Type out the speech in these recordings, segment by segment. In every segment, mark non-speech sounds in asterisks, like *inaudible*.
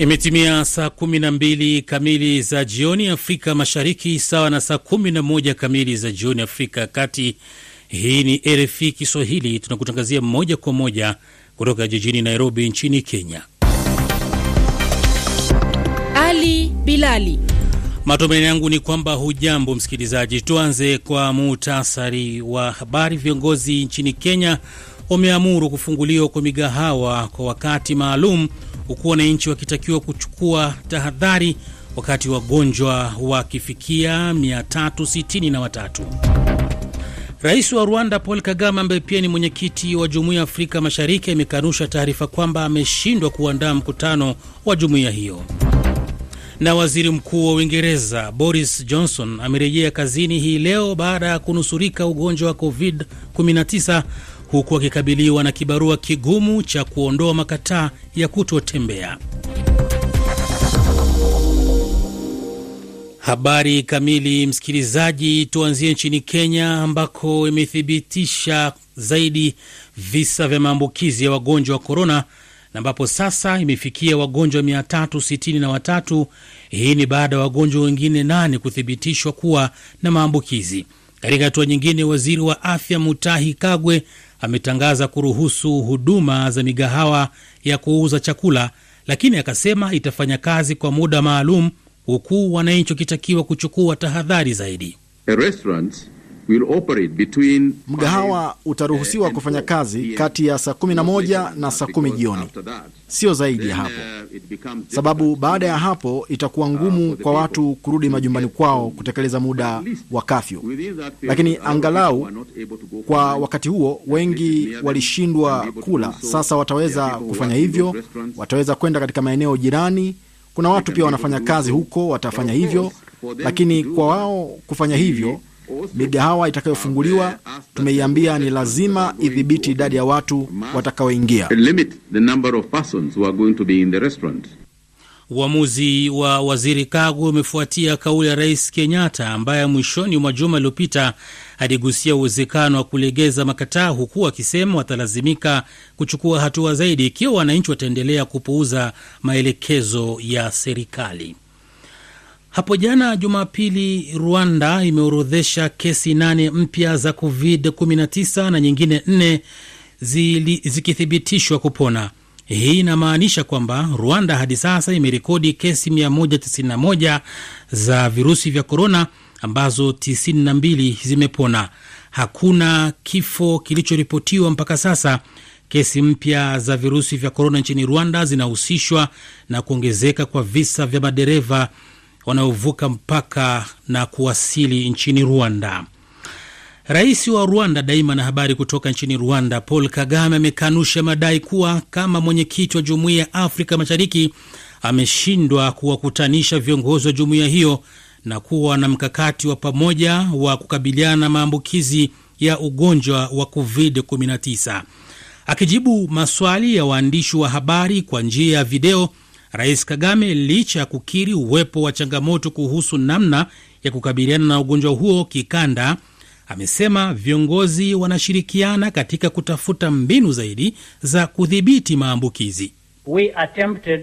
Imetimia saa 12 kamili za jioni Afrika Mashariki, sawa na saa 11 kamili za jioni Afrika ya Kati. Hii ni RFI Kiswahili, tunakutangazia moja kwa moja kutoka jijini Nairobi nchini Kenya. Ali Bilali, matumaini yangu ni kwamba hujambo msikilizaji. Tuanze kwa muhtasari wa habari. Viongozi nchini Kenya wameamuru kufunguliwa kwa migahawa kwa wakati maalum huku wananchi wakitakiwa kuchukua tahadhari wakati wagonjwa wakifikia 363. Rais wa Rwanda Paul Kagame ambaye pia ni mwenyekiti wa Jumuiya ya Afrika Mashariki amekanusha taarifa kwamba ameshindwa kuandaa mkutano wa jumuiya hiyo. Na waziri mkuu wa Uingereza Boris Johnson amerejea kazini hii leo baada ya kunusurika ugonjwa wa COVID-19 huku akikabiliwa na kibarua kigumu cha kuondoa makataa ya kutotembea. Habari kamili, msikilizaji, tuanzie nchini Kenya ambako imethibitisha zaidi visa vya maambukizi ya wagonjwa wa korona na ambapo sasa imefikia wagonjwa 363. Hii ni baada ya wagonjwa wengine nane kuthibitishwa kuwa na maambukizi. Katika hatua nyingine, waziri wa afya Mutahi Kagwe ametangaza kuruhusu huduma za migahawa ya kuuza chakula, lakini akasema itafanya kazi kwa muda maalum, huku wananchi wakitakiwa kuchukua tahadhari zaidi. Mgahawa uh, utaruhusiwa kufanya kazi kati ya saa kumi na moja saa kumi jioni, sio zaidi ya uh, hapo, sababu baada ya hapo itakuwa uh, ngumu kwa watu kurudi majumbani kwao kutekeleza muda wa kafyu. Lakini angalau kwa wakati huo, wengi walishindwa kula, sasa wataweza kufanya hivyo, wataweza kwenda katika maeneo jirani. Kuna watu pia wanafanya kazi huko, watafanya hivyo, lakini kwa wao kufanya hivyo Migahawa itakayofunguliwa tumeiambia ni lazima idhibiti idadi ya watu watakaoingia. Uamuzi wa waziri Kagwe umefuatia kauli ya rais Kenyatta ambaye mwishoni mwa juma iliyopita aligusia uwezekano wa kulegeza makataa, huku akisema watalazimika kuchukua hatua zaidi ikiwa wananchi wataendelea kupuuza maelekezo ya serikali. Hapo jana Jumapili, Rwanda imeorodhesha kesi nane mpya za COVID-19 na nyingine nne zikithibitishwa kupona. Hii inamaanisha kwamba Rwanda hadi sasa imerekodi kesi 191 za virusi vya korona ambazo 92 zimepona. Hakuna kifo kilichoripotiwa mpaka sasa. Kesi mpya za virusi vya korona nchini Rwanda zinahusishwa na kuongezeka kwa visa vya madereva wanaovuka mpaka na kuwasili nchini Rwanda. Rais wa Rwanda Daima na habari kutoka nchini Rwanda, Paul Kagame amekanusha madai kuwa kama mwenyekiti wa Jumuiya ya Afrika Mashariki ameshindwa kuwakutanisha viongozi wa jumuiya hiyo na kuwa na mkakati wa pamoja wa kukabiliana na maambukizi ya ugonjwa wa COVID-19. Akijibu maswali ya waandishi wa habari kwa njia ya video, Rais Kagame licha ya kukiri uwepo wa changamoto kuhusu namna ya kukabiliana na ugonjwa huo kikanda, amesema viongozi wanashirikiana katika kutafuta mbinu zaidi za kudhibiti maambukizi. We attempted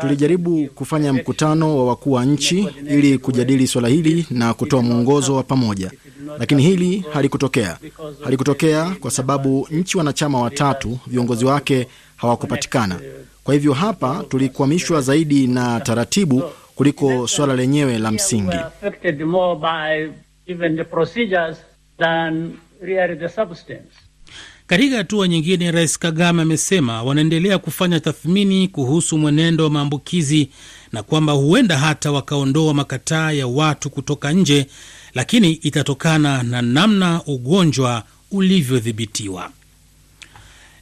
Tulijaribu kufanya mkutano wa wakuu wa nchi ili kujadili swala hili na kutoa mwongozo wa pamoja, lakini hili halikutokea. Halikutokea kwa sababu nchi wanachama watatu viongozi wake hawakupatikana. Uh, kwa hivyo hapa tulikwamishwa zaidi na taratibu kuliko swala lenyewe la msingi. Katika hatua nyingine, Rais Kagame amesema wanaendelea kufanya tathmini kuhusu mwenendo wa maambukizi na kwamba huenda hata wakaondoa makataa ya watu kutoka nje, lakini itatokana na namna ugonjwa ulivyodhibitiwa.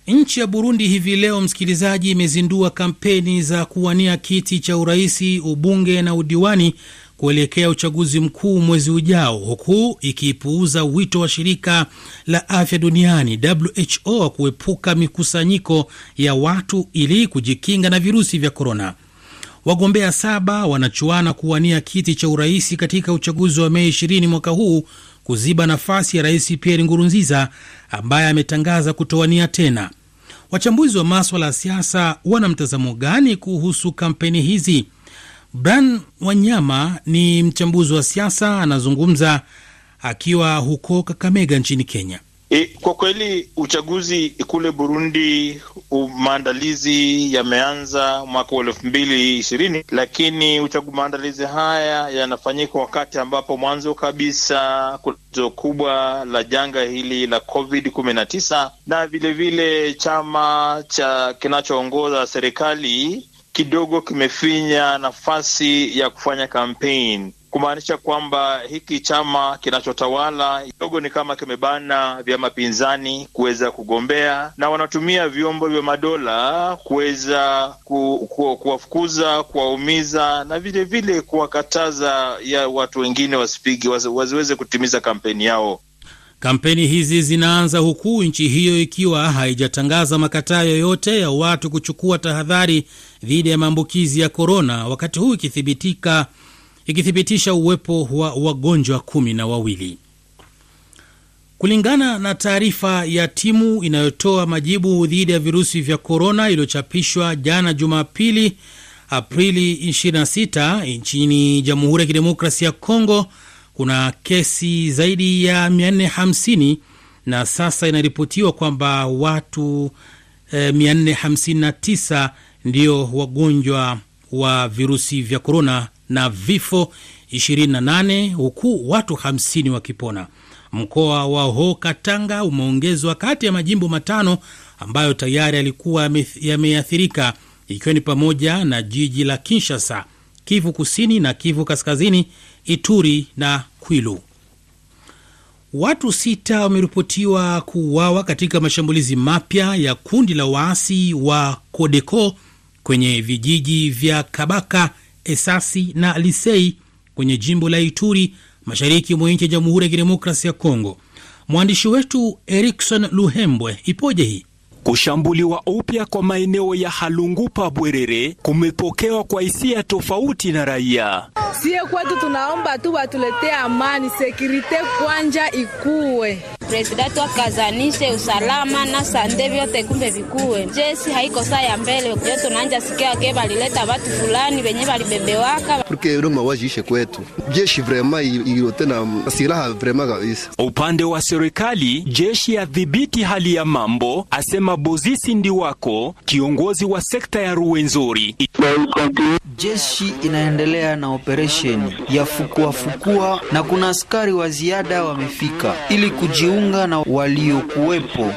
Nchi ya Burundi hivi leo, msikilizaji, imezindua kampeni za kuwania kiti cha uraisi, ubunge na udiwani kuelekea uchaguzi mkuu mwezi ujao, huku ikiipuuza wito wa shirika la afya duniani WHO wa kuepuka mikusanyiko ya watu ili kujikinga na virusi vya korona. Wagombea saba wanachuana kuwania kiti cha urais katika uchaguzi wa Mei 20 mwaka huu kuziba nafasi ya rais Pierre Ngurunziza ambaye ametangaza kutowania tena. Wachambuzi wa maswala ya siasa wana mtazamo gani kuhusu kampeni hizi? bran Wanyama ni mchambuzi wa siasa, anazungumza akiwa huko Kakamega nchini Kenya. E, kwa kweli uchaguzi kule Burundi maandalizi yameanza mwaka wa elfu mbili ishirini, lakini uchagu maandalizi haya yanafanyika wakati ambapo mwanzo kabisa kuzo kubwa la janga hili la COVID kumi na tisa na vilevile chama cha kinachoongoza serikali kidogo kimefinya nafasi ya kufanya kampeni, kumaanisha kwamba hiki chama kinachotawala kidogo ni kama kimebana vyama pinzani kuweza kugombea, na wanatumia vyombo vya madola kuweza kuwafukuza, kuwaumiza na vilevile kuwakataza ya watu wengine wasipigi wasiweze kutimiza kampeni yao. Kampeni hizi zinaanza huku nchi hiyo ikiwa haijatangaza makataa yoyote ya watu kuchukua tahadhari dhidi ya maambukizi ya korona, wakati huu ikithibitika ikithibitisha uwepo wa wagonjwa kumi na wawili kulingana na taarifa ya timu inayotoa majibu dhidi ya virusi vya korona iliyochapishwa jana Jumapili Aprili 26 nchini Jamhuri ya Kidemokrasia ya Kongo kuna kesi zaidi ya 450 na sasa inaripotiwa kwamba watu eh, 459 ndio wagonjwa wa virusi vya korona na vifo 28 huku watu 50 wakipona. Mkoa wa ho Katanga umeongezwa kati ya majimbo matano ambayo tayari yalikuwa yameathirika ikiwa ni pamoja na jiji la Kinshasa, Kivu kusini na Kivu kaskazini Ituri na Kwilu. Watu sita wameripotiwa kuuawa katika mashambulizi mapya ya kundi la waasi wa Kodeko kwenye vijiji vya Kabaka, Esasi na Lisei kwenye jimbo la Ituri, mashariki mwa nchi ya Jamhuri ya Kidemokrasi ya Kongo. Mwandishi wetu Erikson Luhembwe, ipoje hii Kushambuliwa upya kwa maeneo ya Halungupa Bwerere kumepokewa kwa hisia tofauti na raia. Sie kwetu tunaomba tu watuletee amani, sekurite kwanja ikuwe president wakazanishe usalama na sande vyote, kumbe vikuwe jesi haiko saa ya mbele yo tunaanja sikia ke balileta batu fulani benye balibebewaka porque mawaji ishe kwetu jeshi vrema iyote na silaha vrema kabisa. Upande wa serikali jeshi ya yadhibiti hali ya mambo, asema Bozisi ndi wako kiongozi wa sekta ya Ruwenzori. Jeshi inaendelea na operesheni ya fukuafukua na kuna askari wa ziada wamefika ili kujiu kujiunga na waliokuwepo.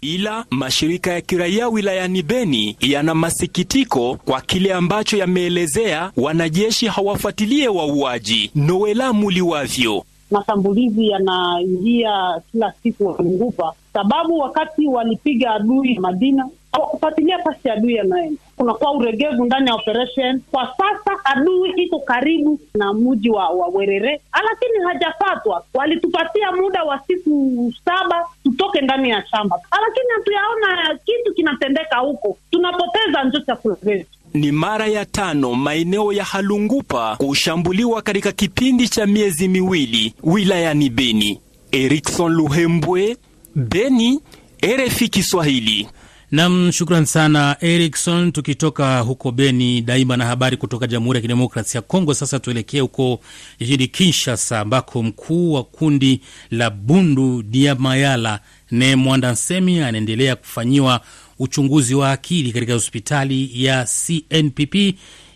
Ila mashirika ya kiraia wilayani Beni yana masikitiko kwa kile ambacho yameelezea, wanajeshi hawafuatilie wauaji. Noela Muliwavyo Mashambulizi yanaingia kila siku Wanguba, sababu wakati walipiga adui Madina kwa pasi ya adui yanaenda. Kunakuwa uregevu ndani ya operation. Kwa sasa adui iko karibu na mji wa, wa Werere, lakini hajapatwa. Walitupatia muda wa siku saba tutoke ndani ya shamba, lakini hatuyaona kitu kinatendeka huko. Tunapoteza njo chakula zetu. Ni mara ya tano maeneo ya Halungupa kushambuliwa katika kipindi cha miezi miwili wilayani Beni. Erikson Luhembwe, Beni, RFI Kiswahili. Nam, shukran sana Erikson. Tukitoka huko Beni Daima na habari kutoka Jamhuri ya Kidemokrasi ya Kongo, sasa tuelekee huko jijini Kinshasa ambako mkuu wa kundi la Bundu mayala ne mwanda Nsemi anaendelea kufanyiwa uchunguzi wa akili katika hospitali ya CNPP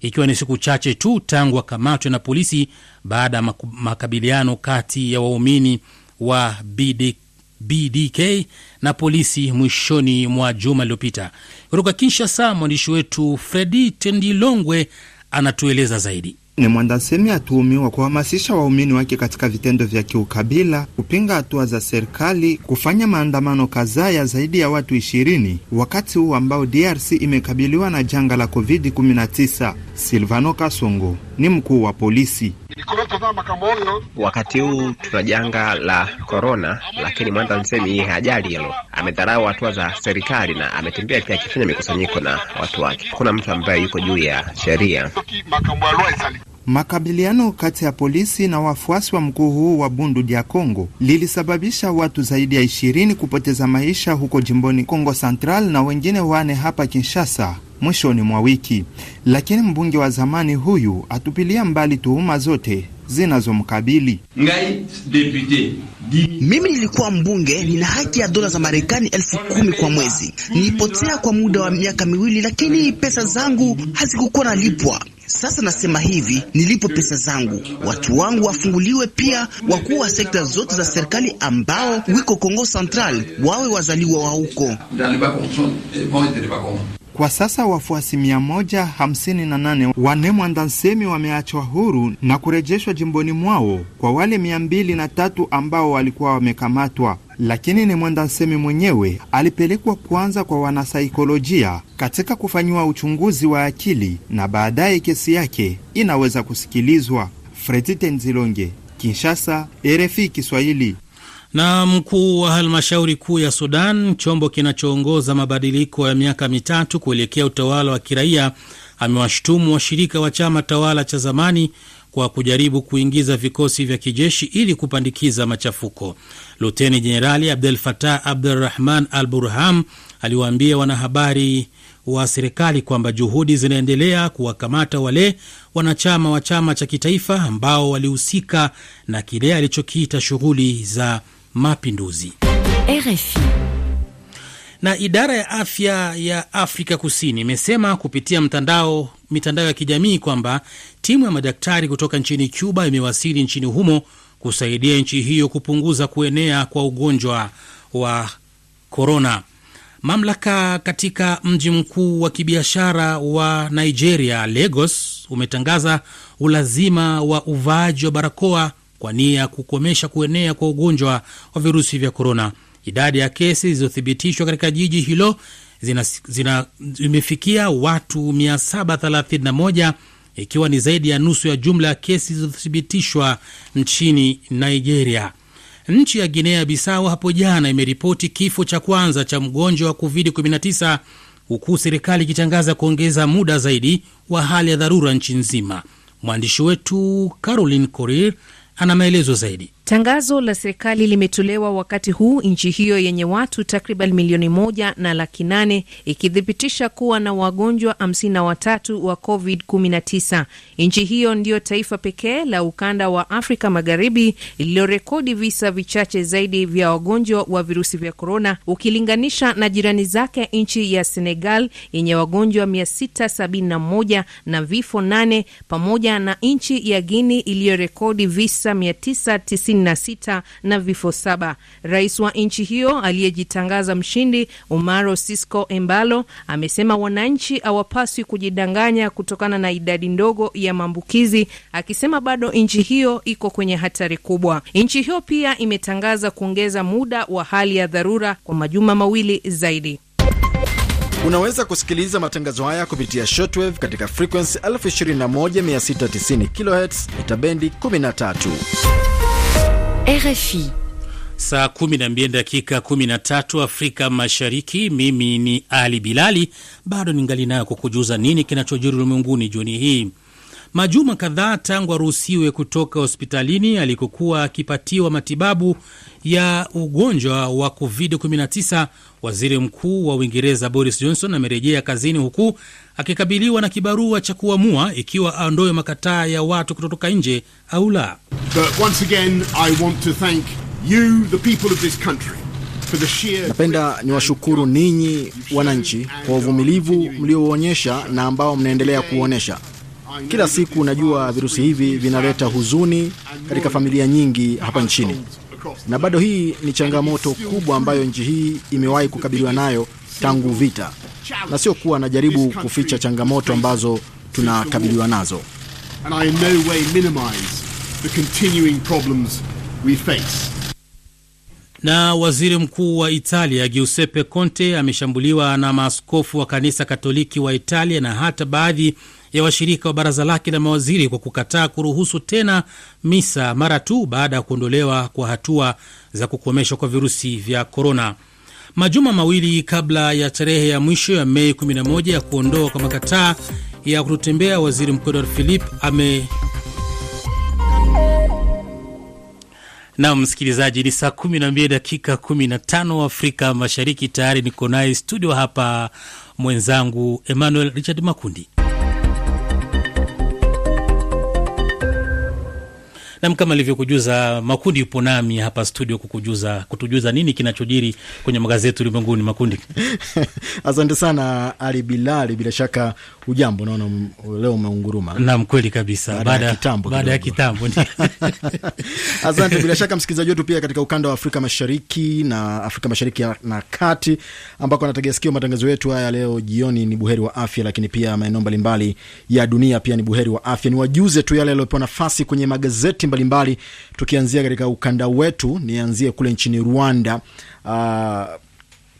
ikiwa ni siku chache tu tangu akamatwe na polisi baada ya makabiliano kati ya waumini wa BDK BDK na polisi mwishoni mwa juma iliyopita. Kutoka Kinshasa, mwandishi wetu Fredi Tendilongwe anatueleza zaidi ni mwandasemi atuhumiwa kuhamasisha waumini wake katika vitendo vya kiukabila, kupinga hatua za serikali, kufanya maandamano kadhaa ya zaidi ya watu ishirini wakati huu ambao DRC imekabiliwa na janga la COVID-19. Silvano Kasongo ni mkuu wa polisi. Wakati huu tuna janga la korona, lakini Mwanda Nsemi iye hajali hilo. Amedharau hatua za serikali na ametembea pia akifanya mikusanyiko na watu wake. Hakuna mtu ambaye yuko juu ya sheria. Makabiliano kati ya polisi na wafuasi wa mkuu huu wa Bundu dia congo lilisababisha watu zaidi ya ishirini kupoteza maisha huko jimboni congo Central na wengine wane hapa Kinshasa mwishoni mwa wiki, lakini mbunge wa zamani huyu atupilia mbali tuhuma zote zinazomkabili. Mimi nilikuwa mbunge, nina haki ya dola za Marekani elfu kumi kwa mwezi. Nilipotea kwa muda wa miaka miwili, lakini pesa zangu hazikukuwa nalipwa. Sasa nasema hivi, nilipo pesa zangu, watu wangu wafunguliwe, pia wakuu wa sekta zote za serikali ambao wiko Kongo Central wawe wazaliwa wa huko. Kwa sasa wafuasi 158 wane mwandansemi wameachwa huru na kurejeshwa jimboni mwao, kwa wale 203 ambao walikuwa wamekamatwa lakini ni mwenda nsemi mwenyewe alipelekwa kwanza kwa wanasaikolojia katika kufanyiwa uchunguzi wa akili na baadaye kesi yake inaweza kusikilizwa. Fredi Tenzilonge, Kinshasa, RFI Kiswahili. Na mkuu wa halmashauri kuu ya Sudan, chombo kinachoongoza mabadiliko ya miaka mitatu kuelekea utawala wa kiraia, amewashtumu washirika wa chama tawala cha zamani kwa kujaribu kuingiza vikosi vya kijeshi ili kupandikiza machafuko. Luteni Jenerali Abdel Fatah Abdurrahman Al Burham aliwaambia wanahabari wa serikali kwamba juhudi zinaendelea kuwakamata wale wanachama wa chama cha kitaifa ambao walihusika na kile alichokiita shughuli za mapinduzi. RFI na idara ya afya ya Afrika Kusini imesema kupitia mtandao mitandao ya kijamii kwamba timu ya madaktari kutoka nchini Cuba imewasili nchini humo kusaidia nchi hiyo kupunguza kuenea kwa ugonjwa wa korona. Mamlaka katika mji mkuu wa kibiashara wa Nigeria, Lagos, umetangaza ulazima wa uvaaji wa barakoa kwa nia ya kukomesha kuenea kwa ugonjwa wa virusi vya korona. Idadi ya kesi zilizothibitishwa katika jiji hilo zimefikia watu 731 ikiwa ni zaidi ya nusu ya jumla ya kesi zilizothibitishwa nchini Nigeria. Nchi ya Guinea Bissau hapo jana imeripoti kifo cha kwanza cha mgonjwa wa COVID-19 huku serikali ikitangaza kuongeza muda zaidi wa hali ya dharura nchi nzima. Mwandishi wetu Caroline Corir ana maelezo zaidi. Tangazo la serikali limetolewa wakati huu nchi hiyo yenye watu takriban milioni moja na laki nane ikithibitisha kuwa na wagonjwa hamsini na watatu wa COVID-19. Nchi hiyo ndiyo taifa pekee la ukanda wa Afrika Magharibi lililorekodi visa vichache zaidi vya wagonjwa wa virusi vya korona ukilinganisha na jirani zake nchi ya Senegal yenye wagonjwa 671 na vifo 8 pamoja na nchi ya Guini iliyorekodi visa 990 26 na vifo saba. Rais wa nchi hiyo aliyejitangaza mshindi Umaro Sisco Embalo amesema wananchi hawapaswi kujidanganya kutokana na idadi ndogo ya maambukizi, akisema bado nchi hiyo iko kwenye hatari kubwa. Nchi hiyo pia imetangaza kuongeza muda wa hali ya dharura kwa majuma mawili zaidi. Unaweza kusikiliza matangazo haya kupitia shortwave katika frequency 21690 kHz ita bendi 13. RFI Saa kumi na mbili dakika kumi na tatu Afrika Mashariki. Mimi ni Ali Bilali, bado ningali nayo kukujuza nini kinachojiri ulimwenguni jioni hii majuma kadhaa tangu aruhusiwe kutoka hospitalini alikokuwa akipatiwa matibabu ya ugonjwa wa COVID-19. Waziri Mkuu wa Uingereza Boris Johnson amerejea kazini huku akikabiliwa na kibarua cha kuamua ikiwa aondoe makataa ya watu kutotoka nje au la. Napenda niwashukuru ninyi wananchi kwa uvumilivu mlioonyesha na ambao mnaendelea kuonyesha kila siku unajua virusi hivi vinaleta huzuni katika familia nyingi hapa nchini, na bado hii ni changamoto kubwa ambayo nchi hii imewahi kukabiliwa nayo tangu vita, na sio kuwa anajaribu kuficha changamoto ambazo tunakabiliwa nazo. Na waziri mkuu wa Italia Giuseppe Conte ameshambuliwa na maaskofu wa kanisa Katoliki wa Italia na hata baadhi ya washirika wa baraza lake la mawaziri kwa kukataa kuruhusu tena misa mara tu baada ya kuondolewa kwa hatua za kukomeshwa kwa virusi vya korona. Majuma mawili kabla ya tarehe ya mwisho ya Mei 11 ya kuondoa kwa makataa ya kututembea, waziri mkuu Edward Philip ame na msikilizaji, ni saa 12 dakika 15 Afrika Mashariki. Tayari niko naye studio hapa mwenzangu Emmanuel Richard Makundi. Nam, kama alivyokujuza Makundi, yupo nami hapa studio kukujuza kutujuza nini kinachojiri kwenye magazeti ulimwenguni. Makundi *laughs* asante sana Ali Bilali, bila shaka ujambo. naona leo umeunguruma. Nam, kweli kabisa, baada ya kitambo. *laughs* Asante bila shaka msikilizaji wetu pia katika ukanda wa Afrika Mashariki na Afrika Mashariki na Kati, ambako anategea sikio matangazo yetu haya leo jioni. Ni buheri wa afya, lakini pia maeneo mbalimbali ya dunia pia ni buheri wa afya. Ni wajuze tu yale yaliyopewa nafasi kwenye magazeti mbalimbali tukianzia katika ukanda wetu, nianzie kule nchini Rwanda uh,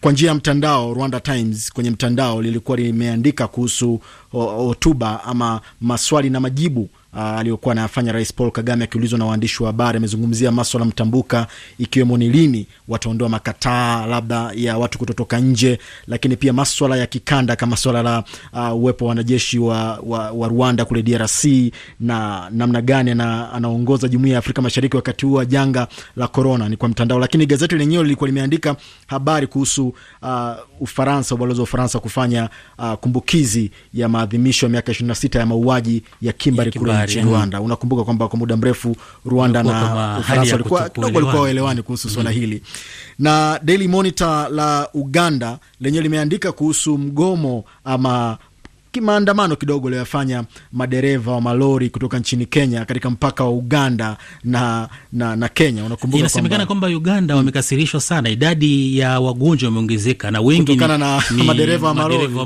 kwa njia ya mtandao Rwanda Times kwenye mtandao lilikuwa limeandika kuhusu hotuba ama maswali na majibu Ah, aliyokuwa anayafanya Rais Paul Kagame akiulizwa na waandishi wa habari, amezungumzia maswala mtambuka, ikiwemo ni lini wataondoa makataa labda ya watu kutotoka nje, lakini pia maswala ya kikanda kama swala la uh, uwepo wa wanajeshi wa, wa, wa Rwanda kule DRC na namna gani na, anaongoza Jumuiya ya Afrika Mashariki wakati huu wa janga la korona, ni kwa mtandao. Lakini gazeti lenyewe lilikuwa limeandika habari kuhusu uh, Ufaransa, ubalozi wa Ufaransa kufanya uh, kumbukizi ya maadhimisho ya miaka 26 ya mauaji ya kimbari kule nchini Rwanda. Unakumbuka kwamba kwa muda mrefu Rwanda na Ufaransa walikuwa kidogo walikuwa waelewani kuhusu mm-hmm. swala hili, na Daily Monitor la Uganda lenyewe limeandika kuhusu mgomo ama kimaandamano kidogo aliyoyafanya madereva wa malori kutoka nchini Kenya katika mpaka wa Uganda na, na, na Kenya. Unakumbuka inasemekana kwamba Uganda mm, wamekasirishwa sana, idadi ya wagonjwa wameongezeka na wengi kutokana na madereva wa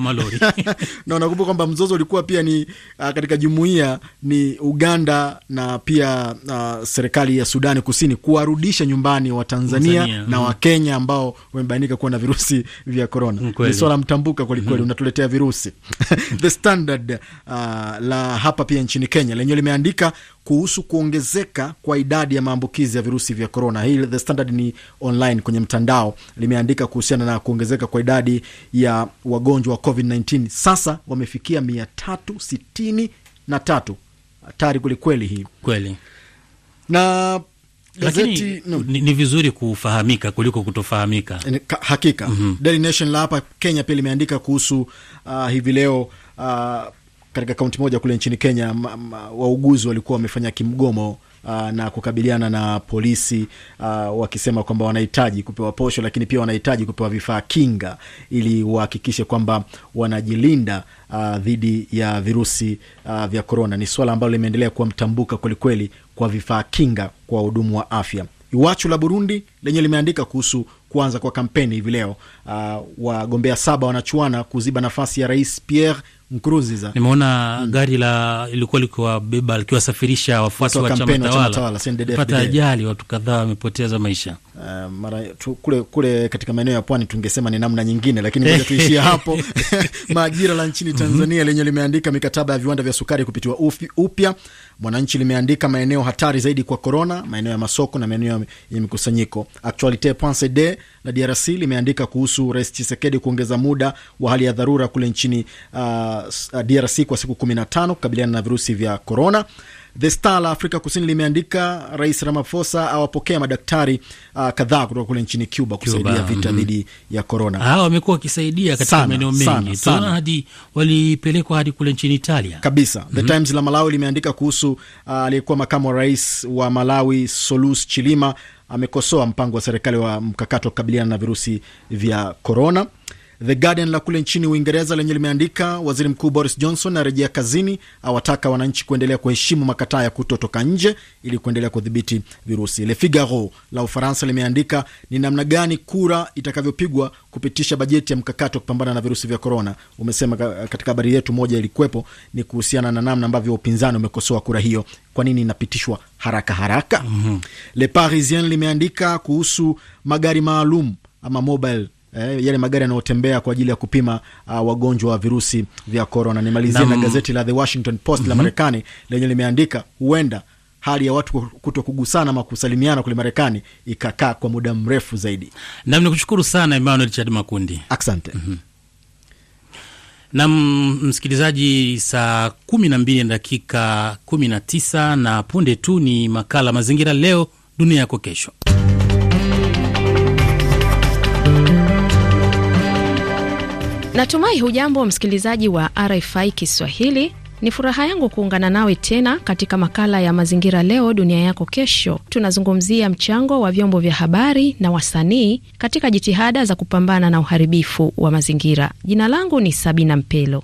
malori *laughs* na unakumbuka kwamba mzozo ulikuwa pia ni uh, katika jumuiya ni Uganda na pia uh, serikali ya Sudani Kusini kuwarudisha nyumbani wa Tanzania Tanzania na mm. Wakenya ambao wamebainika kuwa na virusi vya korona. Ni swala mtambuka kwelikweli, mm. unatuletea virusi *laughs* The Standard uh, la hapa pia nchini Kenya lenyewe limeandika kuhusu kuongezeka kwa idadi ya maambukizi ya virusi vya korona. Hii The Standard ni online kwenye mtandao, limeandika kuhusiana na kuongezeka kwa idadi ya wagonjwa wa COVID-19, sasa wamefikia mia tatu sitini na tatu. Hatari kwelikweli hii kweli na Gazeti, no. Ni, ni vizuri kufahamika kuliko kutofahamika hakika. mm -hmm. Daily Nation la hapa Kenya pia limeandika kuhusu uh, hivi leo uh, katika kaunti moja kule nchini Kenya wauguzi walikuwa wamefanya kimgomo uh, na kukabiliana na polisi uh, wakisema kwamba wanahitaji kupewa posho, lakini pia wanahitaji kupewa vifaa kinga ili wahakikishe kwamba wanajilinda uh, dhidi ya virusi uh, vya korona. Ni swala ambalo limeendelea kuwa mtambuka kwelikweli kwa vifaa kinga kwa wahudumu wa afya. Iwachu la Burundi lenye limeandika kuhusu kuanza kwa kampeni hivi leo. Uh, wagombea saba wanachuana kuziba nafasi ya rais Pierre Nkurunziza. Nimeona mm. gari la ilikuwa likiwabeba likiwasafirisha wafuasi wa chama tawala pata ajali, watu kadhaa wamepoteza maisha. Uh, mara tu, kule, kule katika maeneo ya pwani tungesema ni namna nyingine, lakini moja tuishie *laughs* hapo. *laughs* Majira la nchini Tanzania lenye limeandika mikataba ya viwanda vya sukari kupitiwa upya Mwananchi limeandika maeneo hatari zaidi kwa korona, maeneo ya masoko na maeneo ya mikusanyiko. Actualite CD la DRC limeandika kuhusu Rais Chisekedi kuongeza muda wa hali ya dharura kule nchini uh, uh DRC kwa siku 15 kukabiliana na virusi vya korona. The Star la Afrika Kusini limeandika Rais Ramaphosa awapokea madaktari uh, kadhaa kutoka kule nchini Cuba kusaidia Cuba, vita mm-hmm. dhidi mm -hmm. ya korona. Ah, wamekuwa wakisaidia katika maeneo mengi, tunaona hadi walipelekwa hadi kule nchini Italia kabisa. mm -hmm. The mm-hmm. Times la Malawi limeandika kuhusu uh, aliyekuwa makamu wa rais wa Malawi Solus Chilima amekosoa mpango wa serikali wa mkakati wa kukabiliana na virusi vya korona. The Guardian la kule nchini Uingereza lenye limeandika waziri mkuu Boris Johnson arejea kazini, awataka wananchi kuendelea kuheshimu makataa ya kutotoka nje ili kuendelea kudhibiti virusi. Le Figaro la Ufaransa limeandika ni namna gani kura itakavyopigwa kupitisha bajeti ya mkakati wa kupambana na virusi vya korona. Umesema katika habari yetu moja ilikuwepo ni kuhusiana na namna ambavyo upinzani umekosoa kura hiyo, kwa nini inapitishwa haraka haraka. mm -hmm. Le Parisien limeandika kuhusu magari maalum ama mobile eh, yale magari yanayotembea kwa ajili ya kupima uh, wagonjwa wa virusi vya korona. Nimalizia na gazeti la The Washington Post mm -hmm. la mhm. Marekani lenye limeandika huenda hali ya watu kuto kugusana ama kusalimiana kule Marekani ikakaa kwa muda mrefu zaidi. Nam ni kushukuru sana Emmanuel Chad Makundi, asante mm -hmm. Na msikilizaji, saa kumi na mbili na dakika kumi na tisa na punde tu ni makala Mazingira Leo Dunia Yako Kesho. Natumai hujambo msikilizaji wa RFI Kiswahili. Ni furaha yangu kuungana nawe tena katika makala ya mazingira leo dunia yako kesho. Tunazungumzia mchango wa vyombo vya habari na wasanii katika jitihada za kupambana na uharibifu wa mazingira. Jina langu ni Sabina Mpelo.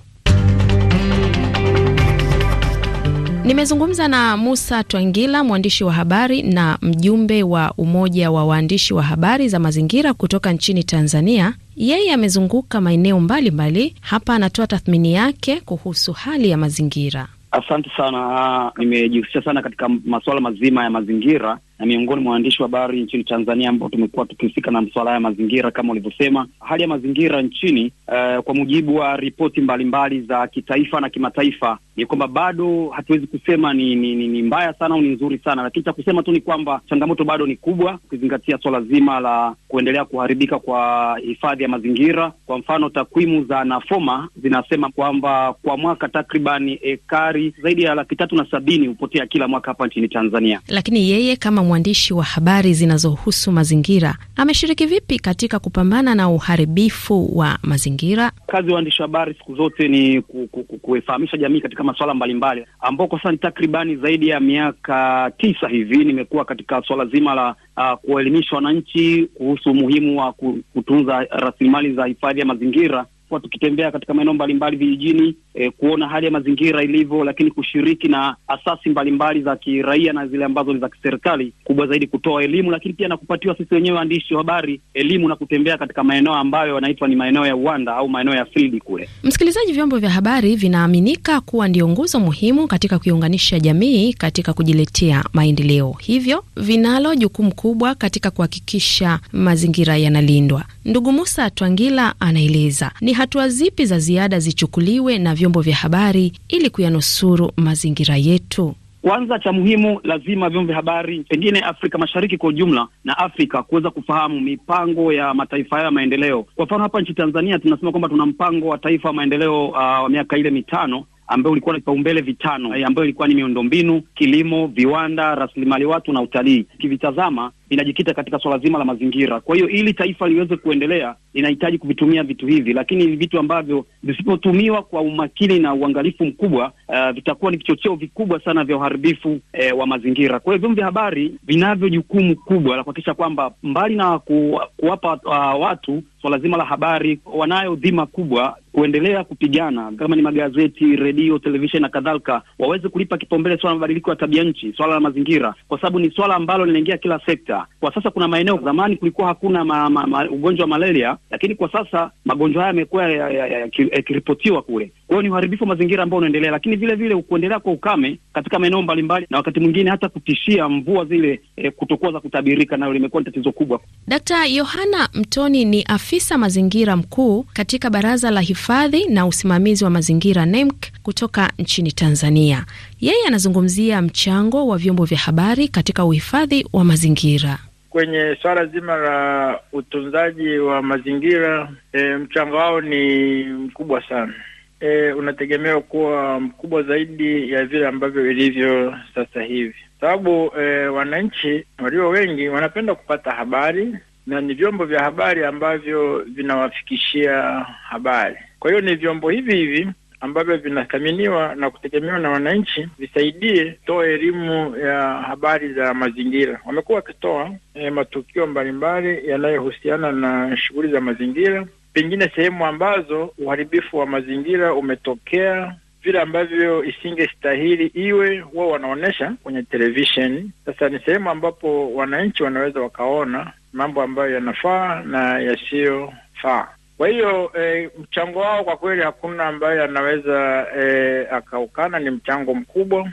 Nimezungumza na Musa Twangila, mwandishi wa habari na mjumbe wa Umoja wa Waandishi wa Habari za Mazingira kutoka nchini Tanzania. Yeye amezunguka maeneo mbalimbali, hapa anatoa tathmini yake kuhusu hali ya mazingira. Asante sana. Nimejihusisha sana katika masuala mazima ya mazingira na miongoni mwa waandishi wa habari nchini Tanzania ambao tumekuwa tukihusika na masuala ya mazingira kama ulivyosema, hali ya mazingira nchini uh, kwa mujibu wa ripoti mbalimbali za kitaifa na kimataifa ni kwamba bado hatuwezi kusema ni, ni, ni, ni mbaya sana au ni nzuri sana, lakini cha kusema tu ni kwamba changamoto bado ni kubwa, ukizingatia swala zima la kuendelea kuharibika kwa hifadhi ya mazingira. Kwa mfano, takwimu za Nafoma zinasema kwamba kwa mwaka takriban ekari zaidi ya laki tatu na sabini hupotea kila mwaka hapa nchini Tanzania. Lakini yeye kama mwandishi wa habari zinazohusu mazingira ameshiriki vipi katika kupambana na uharibifu wa mazingira? Kazi ya waandishi wa habari siku zote ni ku, ku, ku, kuifahamisha jamii katika masuala mbalimbali, ambao kwa sasa ni takribani zaidi ya miaka tisa hivi nimekuwa katika swala zima la uh, kuwaelimisha wananchi kuhusu umuhimu wa kutunza rasilimali za hifadhi ya mazingira kuwa tukitembea katika maeneo mbalimbali vijijini, e, kuona hali ya mazingira ilivyo, lakini kushiriki na asasi mbalimbali za kiraia na zile ambazo ni za kiserikali, kubwa zaidi kutoa elimu, lakini pia na kupatiwa sisi wenyewe waandishi wa habari elimu na kutembea katika maeneo ambayo yanaitwa ni maeneo ya uwanda au maeneo ya fildi kule. Msikilizaji, vyombo vya habari vinaaminika kuwa ndio nguzo muhimu katika kuiunganisha jamii katika kujiletea maendeleo, hivyo vinalo jukumu kubwa katika kuhakikisha mazingira yanalindwa. Ndugu Musa Twangila anaeleza ni hatua zipi za ziada zichukuliwe na vyombo vya habari ili kuyanusuru mazingira yetu? Kwanza, cha muhimu, lazima vyombo vya habari pengine Afrika Mashariki kwa ujumla na Afrika kuweza kufahamu mipango ya mataifa hayo ya maendeleo. Kwa mfano, hapa nchi Tanzania tunasema kwamba tuna mpango wa taifa wa maendeleo uh, wa miaka ile mitano ambayo ulikuwa na vipaumbele vitano eh, ambayo ilikuwa ni miundombinu, kilimo, viwanda, rasilimali watu na utalii. Ukivitazama inajikita katika swala zima la mazingira. Kwa hiyo ili taifa liweze kuendelea linahitaji kuvitumia vitu hivi, lakini ni vitu ambavyo visipotumiwa kwa umakini na uangalifu mkubwa uh, vitakuwa ni vichocheo vikubwa sana vya uharibifu eh, wa mazingira. Kwa hiyo vyombo vya habari vinavyo jukumu kubwa la kuhakikisha kwamba mbali na ku, kuwapa uh, watu swala so zima la habari, wanayo dhima kubwa kuendelea kupigana, kama ni magazeti, redio, televisheni na kadhalika, waweze kulipa kipaumbele swala la mabadiliko ya tabia nchi, swala la mazingira, kwa sababu ni swala ambalo linaingia kila sekta. Ebola. Kwa sasa kuna maeneo, zamani kulikuwa hakuna ma, ma, ma, ugonjwa wa malaria, lakini kwa sasa magonjwa haya yamekuwa yakiripotiwa ya, ya, ya, kule. Kwa hiyo ni uharibifu wa mazingira ambao unaendelea, lakini vile vile kuendelea kwa ukame katika maeneo mbalimbali, na wakati mwingine hata kutishia mvua zile e, kutokuwa za kutabirika, nayo limekuwa ni tatizo kubwa. Dkt. Yohana Mtoni ni afisa mazingira mkuu katika Baraza la Hifadhi na Usimamizi wa Mazingira NEMC kutoka nchini Tanzania. Yeye anazungumzia mchango wa vyombo vya habari katika uhifadhi wa mazingira kwenye swala zima la utunzaji wa mazingira. E, mchango wao ni mkubwa sana. E, unategemewa kuwa mkubwa zaidi ya vile ambavyo ilivyo sasa hivi, sababu e, wananchi walio wengi wanapenda kupata habari na ni vyombo vya habari ambavyo vinawafikishia habari. Kwa hiyo ni vyombo hivi hivi ambavyo vinathaminiwa na kutegemewa na wananchi visaidie kutoa elimu ya habari za mazingira. Wamekuwa wakitoa eh, matukio mbalimbali yanayohusiana na shughuli za mazingira, pengine sehemu ambazo uharibifu wa mazingira umetokea vile ambavyo isingestahili iwe, wao wanaonyesha kwenye televisheni. Sasa ni sehemu ambapo wananchi wanaweza wakaona mambo ambayo yanafaa na yasiyofaa. Kwa hiyo e, mchango wao kwa kweli hakuna ambaye anaweza e, akaukana, ni mchango mkubwa.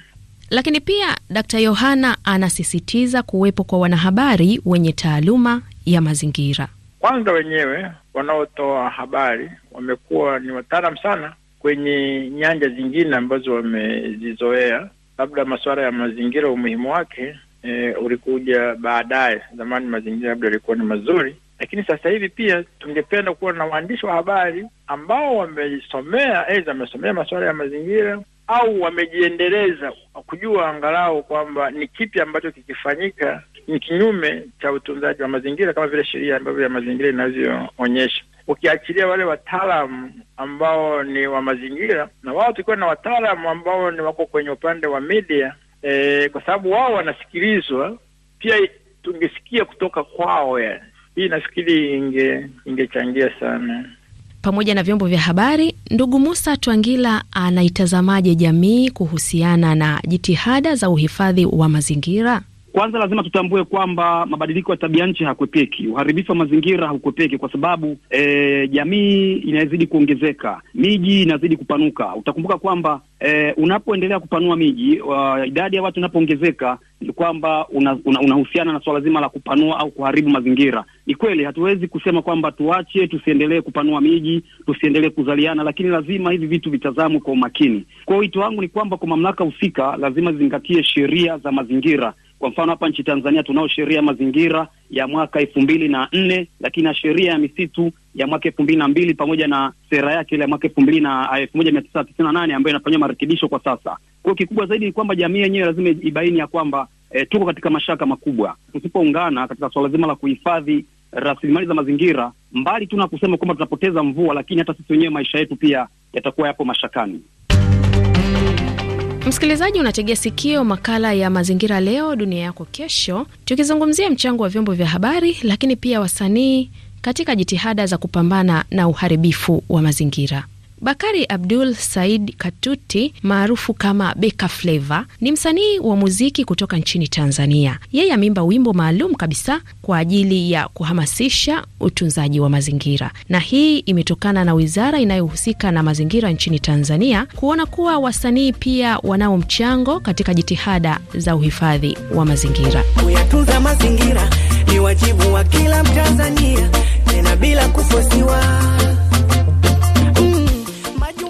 Lakini pia Dkt. Yohana anasisitiza kuwepo kwa wanahabari wenye taaluma ya mazingira. Kwanza wenyewe wanaotoa habari wamekuwa ni wataalam sana kwenye nyanja zingine ambazo wamezizoea, labda masuala ya mazingira, umuhimu wake e, ulikuja baadaye. Zamani mazingira labda yalikuwa ni mazuri lakini sasa hivi pia tungependa kuwa na waandishi wa habari ambao wamesomea, aidha wamesomea masuala ya mazingira au wamejiendeleza kujua angalau kwamba ni kipi ambacho kikifanyika ni kinyume cha utunzaji wa mazingira, kama vile sheria ambavyo ya mazingira inavyoonyesha, ukiachilia wale wataalamu ambao ni wa mazingira, na wao tukiwa na wataalamu ambao ni wako kwenye upande wa media e, kwa sababu wao wanasikilizwa pia, tungesikia kutoka kwao yani hii nafikiri inge ingechangia sana pamoja na vyombo vya habari. Ndugu Musa Twangila anaitazamaje jamii kuhusiana na jitihada za uhifadhi wa mazingira? Kwanza lazima tutambue kwamba mabadiliko ya tabia nchi hakwepeki, uharibifu wa mazingira haukwepeki, kwa sababu e, jamii inazidi kuongezeka, miji inazidi kupanuka. Utakumbuka kwamba e, unapoendelea kupanua miji uh, idadi ya watu inapoongezeka ni kwamba unahusiana una, una na swala zima la kupanua au kuharibu mazingira. Ni kweli hatuwezi kusema kwamba tuache, tusiendelee kupanua miji, tusiendelee kuzaliana, lakini lazima hivi vitu vitazamwe kwa umakini. Kwa hiyo wito wangu ni kwamba kwa mamlaka husika lazima zizingatie sheria za mazingira kwa mfano hapa nchi Tanzania tunao sheria ya mazingira ya mwaka elfu mbili na nne lakini na sheria ya misitu ya mwaka elfu mbili na mbili pamoja na sera yake ile ya mwaka elfu mbili na eh, elfu moja mia tisa tisini na nane ambayo inafanyiwa marekebisho kwa sasa. Kwa kikubwa zaidi ni kwamba jamii yenyewe lazima ibaini ya kwamba e, tuko katika mashaka makubwa. Tusipoungana katika swala zima la kuhifadhi rasilimali za mazingira, mbali tu na kusema kwamba tunapoteza mvua, lakini hata sisi wenyewe maisha yetu pia yatakuwa yapo mashakani. Msikilizaji, unategea sikio makala ya mazingira leo dunia yako kesho, tukizungumzia mchango wa vyombo vya habari, lakini pia wasanii katika jitihada za kupambana na uharibifu wa mazingira. Bakari Abdul Said Katuti maarufu kama Beka Flava ni msanii wa muziki kutoka nchini Tanzania. Yeye ameimba wimbo maalum kabisa kwa ajili ya kuhamasisha utunzaji wa mazingira, na hii imetokana na wizara inayohusika na mazingira nchini Tanzania kuona kuwa wasanii pia wanao mchango katika jitihada za uhifadhi wa mazingira. Kuyatunza mazingira ni wajibu wa kila Mtanzania, tena bila kufosiwa.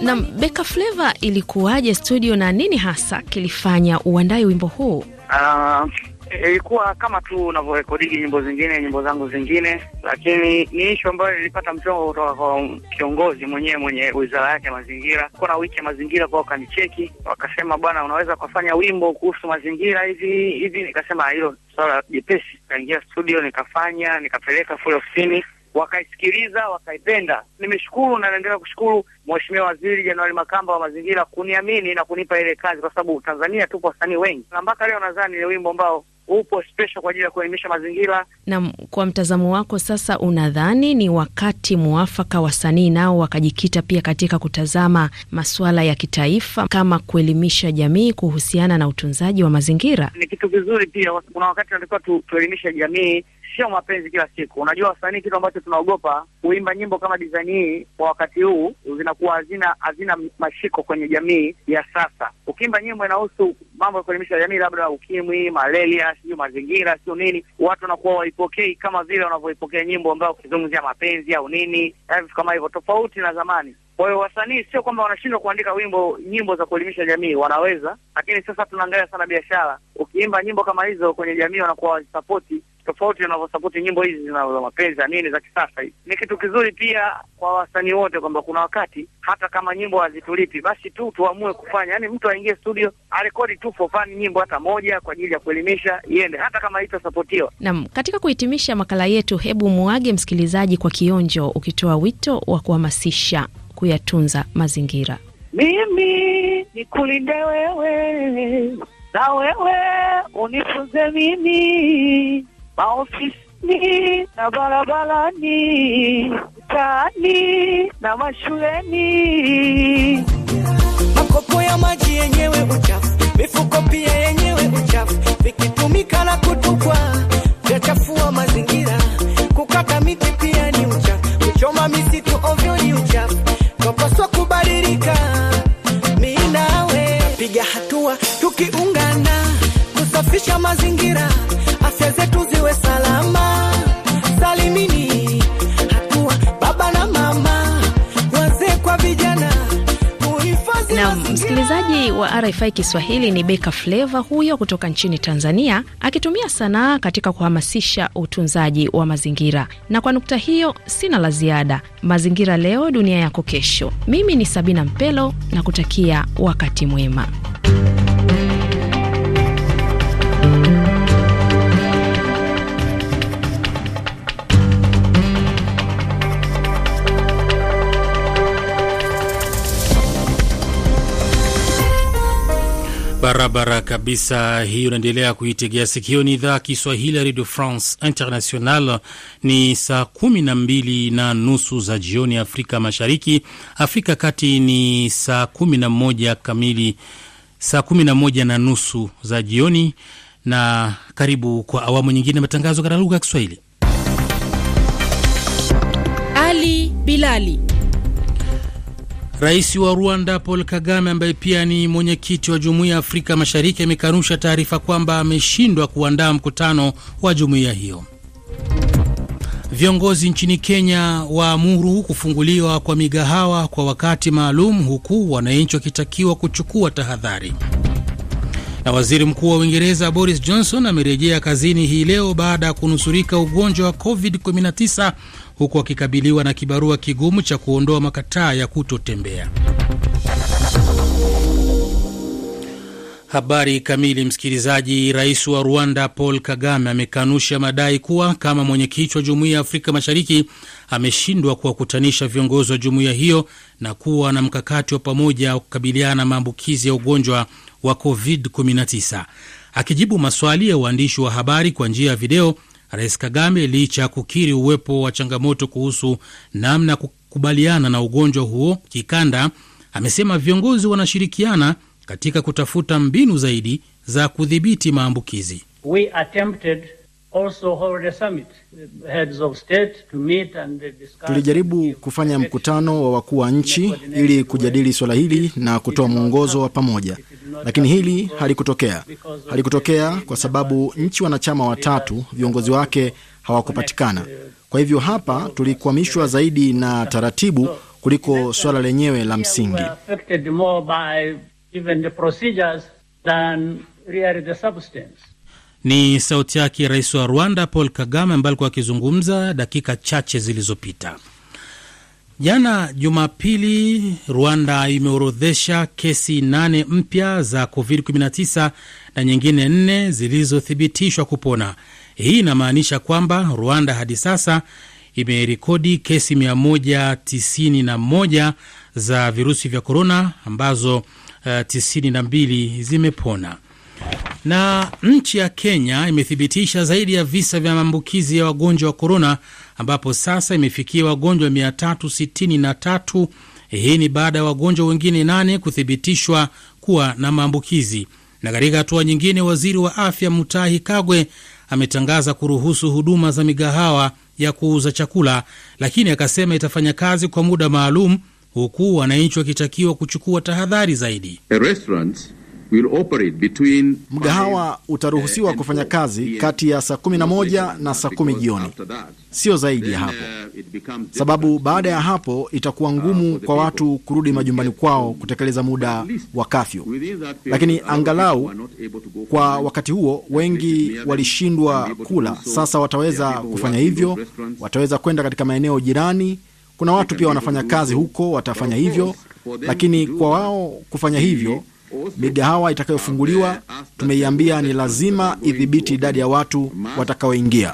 Na Beka Flava, ilikuwaje studio na nini hasa kilifanya uandae wimbo huu? Uh, ilikuwa kama tu unavyorekodiji nyimbo zingine, nyimbo zangu zingine, lakini ni ishu ambayo nilipata mchongo kutoka kwa kiongozi mwenyewe mwenye wizara yake ya mazingira. Kuna wiki ya mazingira kwao, wakanicheki wakasema, bwana, unaweza ukafanya wimbo kuhusu mazingira hivi hivi. Nikasema hilo swala jepesi, nikaingia studio nikafanya, nikapeleka fule ofisini wakaisikiliza, wakaipenda. Nimeshukuru na naendelea kushukuru Mheshimiwa Waziri Januari Makamba wa mazingira kuniamini na kunipa ile kazi, kwa sababu Tanzania tupo wasanii wengi, na mpaka leo nadhani ile wimbo ambao upo special kwa ajili ya kuelimisha mazingira. Na kwa mtazamo wako sasa, unadhani ni wakati mwafaka wasanii nao wakajikita pia katika kutazama masuala ya kitaifa kama kuelimisha jamii kuhusiana na utunzaji wa mazingira? Ni kitu kizuri pia, kuna wakati tunatakiwa tuelimishe jamii sio mapenzi kila siku. Unajua, wasanii kitu ambacho tunaogopa kuimba nyimbo kama design hii kwa wakati huu zinakuwa hazina hazina mashiko kwenye jamii ya sasa. Ukiimba nyimbo inahusu mambo ya kuelimisha jamii, labda ukimwi, malaria, sijui mazingira, sio nini, watu wanakuwa waipokei kama vile wanavyoipokea nyimbo ambayo ukizungumzia mapenzi au nini, eh, vitu kama hivyo, tofauti na zamani. Kwa hiyo wasanii sio kwamba wanashindwa kuandika wimbo nyimbo za kuelimisha jamii, wanaweza, lakini sasa tunaangalia sana biashara. Ukiimba nyimbo kama hizo kwenye jamii, wanakuwa wazisapoti tofauti wanavyosapoti nyimbo hizi zinazo mapenzi ya nini za kisasa. hii ni kitu kizuri pia kwa wasanii wote, kwamba kuna wakati hata kama nyimbo hazitulipi, basi tu tuamue kufanya, yaani mtu aingie studio arekodi tu for fun nyimbo hata moja kwa ajili ya kuelimisha iende, hata kama haitasapotiwa. Naam, katika kuhitimisha makala yetu, hebu muage msikilizaji kwa kionjo, ukitoa wito wa kuhamasisha kuyatunza mazingira. Mimi nikulinde wewe na wewe unifunze mimi maofisini na barabarani, mtaani na mashuleni. Makopo ya maji yenyewe uchafu, mifuko pia yenyewe uchafu, vikitumika na kutupwa vyachafua mazingira. Kukata miti pia ni uchafu, kuchoma misitu ovyo ni uchafu, twapaswa kubadilika. Minawe piga hatua tukiungana kusafisha mazingira, afya zetu Nam msikilizaji wa RFI Kiswahili ni Beka Fleva huyo kutoka nchini Tanzania, akitumia sanaa katika kuhamasisha utunzaji wa mazingira. Na kwa nukta hiyo, sina la ziada. Mazingira leo, dunia yako kesho. Mimi ni Sabina Mpelo na kutakia wakati mwema. barabara kabisa hii. Unaendelea kuitegea sikio, ni idhaa Kiswahili ya Radio France International. Ni saa kumi na mbili na nusu za jioni Afrika Mashariki, Afrika Kati ni saa kumi na moja kamili, saa kumi na moja na nusu za jioni. Na karibu kwa awamu nyingine matangazo katika lugha ya Kiswahili. Ali Bilali Rais wa Rwanda Paul Kagame ambaye pia ni mwenyekiti wa Jumuiya ya Afrika Mashariki amekanusha taarifa kwamba ameshindwa kuandaa mkutano wa jumuiya hiyo. Viongozi nchini Kenya waamuru kufunguliwa kwa migahawa kwa wakati maalum huku wananchi wakitakiwa kuchukua tahadhari. Na Waziri Mkuu wa Uingereza Boris Johnson amerejea kazini hii leo baada ya kunusurika ugonjwa wa COVID-19 huku akikabiliwa na kibarua kigumu cha kuondoa makataa ya kutotembea. Habari kamili, msikilizaji. Rais wa Rwanda Paul Kagame amekanusha madai kuwa kama mwenyekiti wa Jumuiya ya Afrika Mashariki ameshindwa kuwakutanisha viongozi wa jumuiya hiyo na kuwa na mkakati wa pamoja wa kukabiliana na maambukizi ya ugonjwa wa COVID-19. Akijibu maswali ya waandishi wa habari kwa njia ya video, Rais Kagame licha ya kukiri uwepo wa changamoto kuhusu namna ya kukubaliana na ugonjwa huo kikanda, amesema viongozi wanashirikiana katika kutafuta mbinu zaidi za kudhibiti maambukizi. Tulijaribu kufanya mkutano wa wakuu wa nchi ili kujadili swala hili na kutoa mwongozo wa pamoja lakini hili halikutokea. Halikutokea kwa sababu nchi wanachama watatu viongozi wake hawakupatikana. Kwa hivyo hapa tulikwamishwa zaidi na taratibu kuliko suala lenyewe la msingi. Ni sauti yake Rais wa Rwanda Paul Kagame ambaye alikuwa akizungumza dakika chache zilizopita. Jana Jumapili, Rwanda imeorodhesha kesi nane mpya za COVID-19 na nyingine nne zilizothibitishwa kupona. Hii inamaanisha kwamba Rwanda hadi sasa imerekodi kesi 191 za virusi vya korona ambazo uh, eh, 92 zimepona. Na nchi ya Kenya imethibitisha zaidi ya visa vya maambukizi ya wagonjwa wa korona ambapo sasa imefikia wagonjwa 363. Hii ni baada ya wagonjwa wengine nane kuthibitishwa kuwa na maambukizi. Na katika hatua nyingine, waziri wa afya Mutahi Kagwe ametangaza kuruhusu huduma za migahawa ya kuuza chakula, lakini akasema itafanya kazi kwa muda maalum, huku wananchi wakitakiwa kuchukua tahadhari zaidi. Mgahawa eh, utaruhusiwa kufanya kazi kati ya saa kumi na moja na saa kumi jioni, sio zaidi ya hapo, eh, sababu baada ya hapo itakuwa ah, ngumu kwa watu kurudi majumbani kwao kutekeleza muda wa kafyu. Lakini angalau kwa wakati huo, wengi walishindwa kula, sasa wataweza kufanya hivyo, wataweza kwenda katika maeneo jirani. Kuna watu pia wanafanya kazi huko, watafanya hivyo, lakini kwa wao kufanya hivyo Migahawa itakayofunguliwa tumeiambia ni lazima idhibiti idadi ya watu watakaoingia.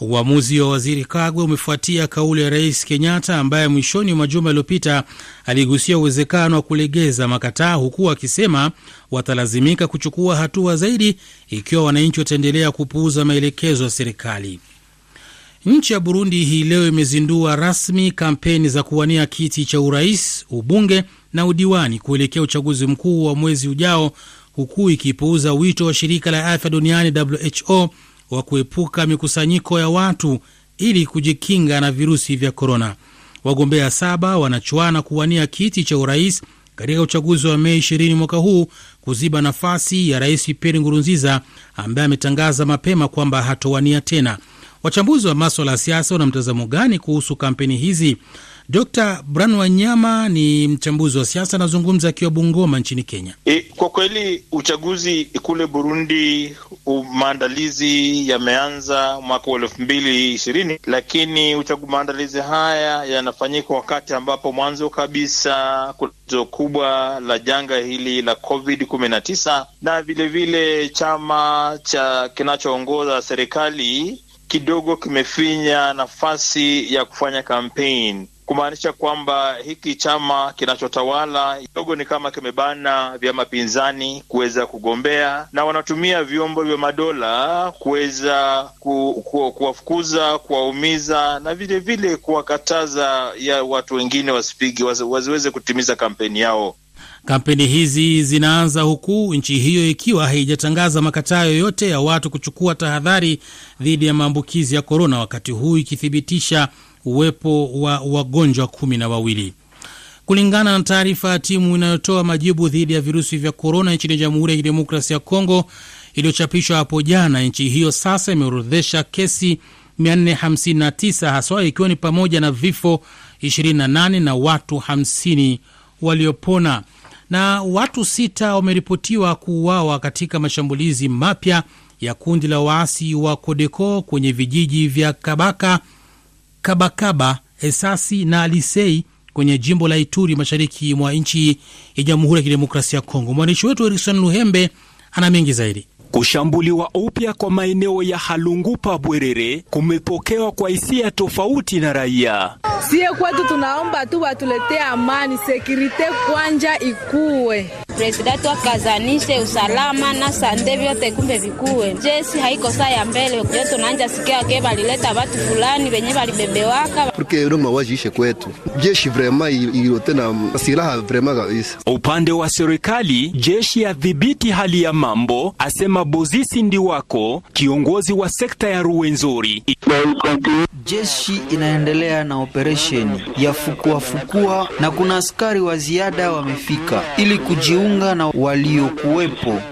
Uamuzi wa waziri Kagwe umefuatia kauli ya rais Kenyatta ambaye mwishoni mwa juma iliyopita aligusia uwezekano wa kulegeza makataa, huku akisema watalazimika kuchukua hatua zaidi ikiwa wananchi wataendelea kupuuza maelekezo ya serikali. Nchi ya Burundi hii leo imezindua rasmi kampeni za kuwania kiti cha urais, ubunge na udiwani kuelekea uchaguzi mkuu wa mwezi ujao, huku ikipuuza wito wa shirika la afya duniani WHO wa kuepuka mikusanyiko ya watu ili kujikinga na virusi vya korona. Wagombea saba wanachuana kuwania kiti cha urais katika uchaguzi wa Mei 20 mwaka huu kuziba nafasi ya Rais Pierre Nkurunziza ambaye ametangaza mapema kwamba hatowania tena. Wachambuzi wa maswala ya siasa wana mtazamo gani kuhusu kampeni hizi? Dr Bran Wanyama ni mchambuzi wa siasa, anazungumza akiwa Bungoma nchini Kenya. E, kwa kweli uchaguzi kule Burundi, maandalizi yameanza mwaka wa elfu mbili ishirini, lakini maandalizi haya yanafanyika wakati ambapo mwanzo kabisa kuzo kubwa la janga hili la COVID kumi na tisa na vilevile chama cha kinachoongoza serikali kidogo kimefinya nafasi ya kufanya kampeni, kumaanisha kwamba hiki chama kinachotawala kidogo ni kama kimebana vyama pinzani kuweza kugombea, na wanatumia vyombo vya madola kuweza ku, ku, kuwafukuza, kuwaumiza na vilevile kuwakataza ya watu wengine wasipigi wasiweze kutimiza kampeni yao. Kampeni hizi zinaanza huku nchi hiyo ikiwa haijatangaza makataa yoyote ya watu kuchukua tahadhari dhidi ya maambukizi ya korona, wakati huu ikithibitisha uwepo wa wagonjwa kumi na wawili kulingana na taarifa ya timu inayotoa majibu dhidi ya virusi vya korona nchini Jamhuri ya Kidemokrasia ya Kongo iliyochapishwa hapo jana. Nchi hiyo sasa imeorodhesha kesi 459 haswa, ikiwa ni pamoja na vifo 28 na watu 50 waliopona na watu sita wameripotiwa kuuawa katika mashambulizi mapya ya kundi la waasi wa Kodeko kwenye vijiji vya Kabaka, Kabakaba, Esasi na Lisei kwenye jimbo la Ituri, mashariki mwa nchi ya Jamhuri ya Kidemokrasia ya Kongo. Mwandishi wetu Erikson Luhembe ana mengi zaidi. Kushambuliwa upya kwa maeneo ya Halungupa Bwerere kumepokewa kwa hisia tofauti na raia. Sie kwetu tunaomba tu watuletee amani, sekirite kwanja ikue, presidenti wakazanishe usalama na sande vyote kumbe vikuwe Jesi haiko saa ya mbele yo tunaanja sikia ke balileta batu fulani benye balibebewaka purke roma wajiishe kwetu jeshi vrema ilote na silaha vrema kabisa. Upande wa serikali jeshi ya dhibiti hali ya mambo asema Mabozisi wako kiongozi wa sekta ya Ruwenzori. Jeshi inaendelea na operesheni ya fukuafukua na kuna askari wa ziada wamefika ili kujiunga na waliokuwepo,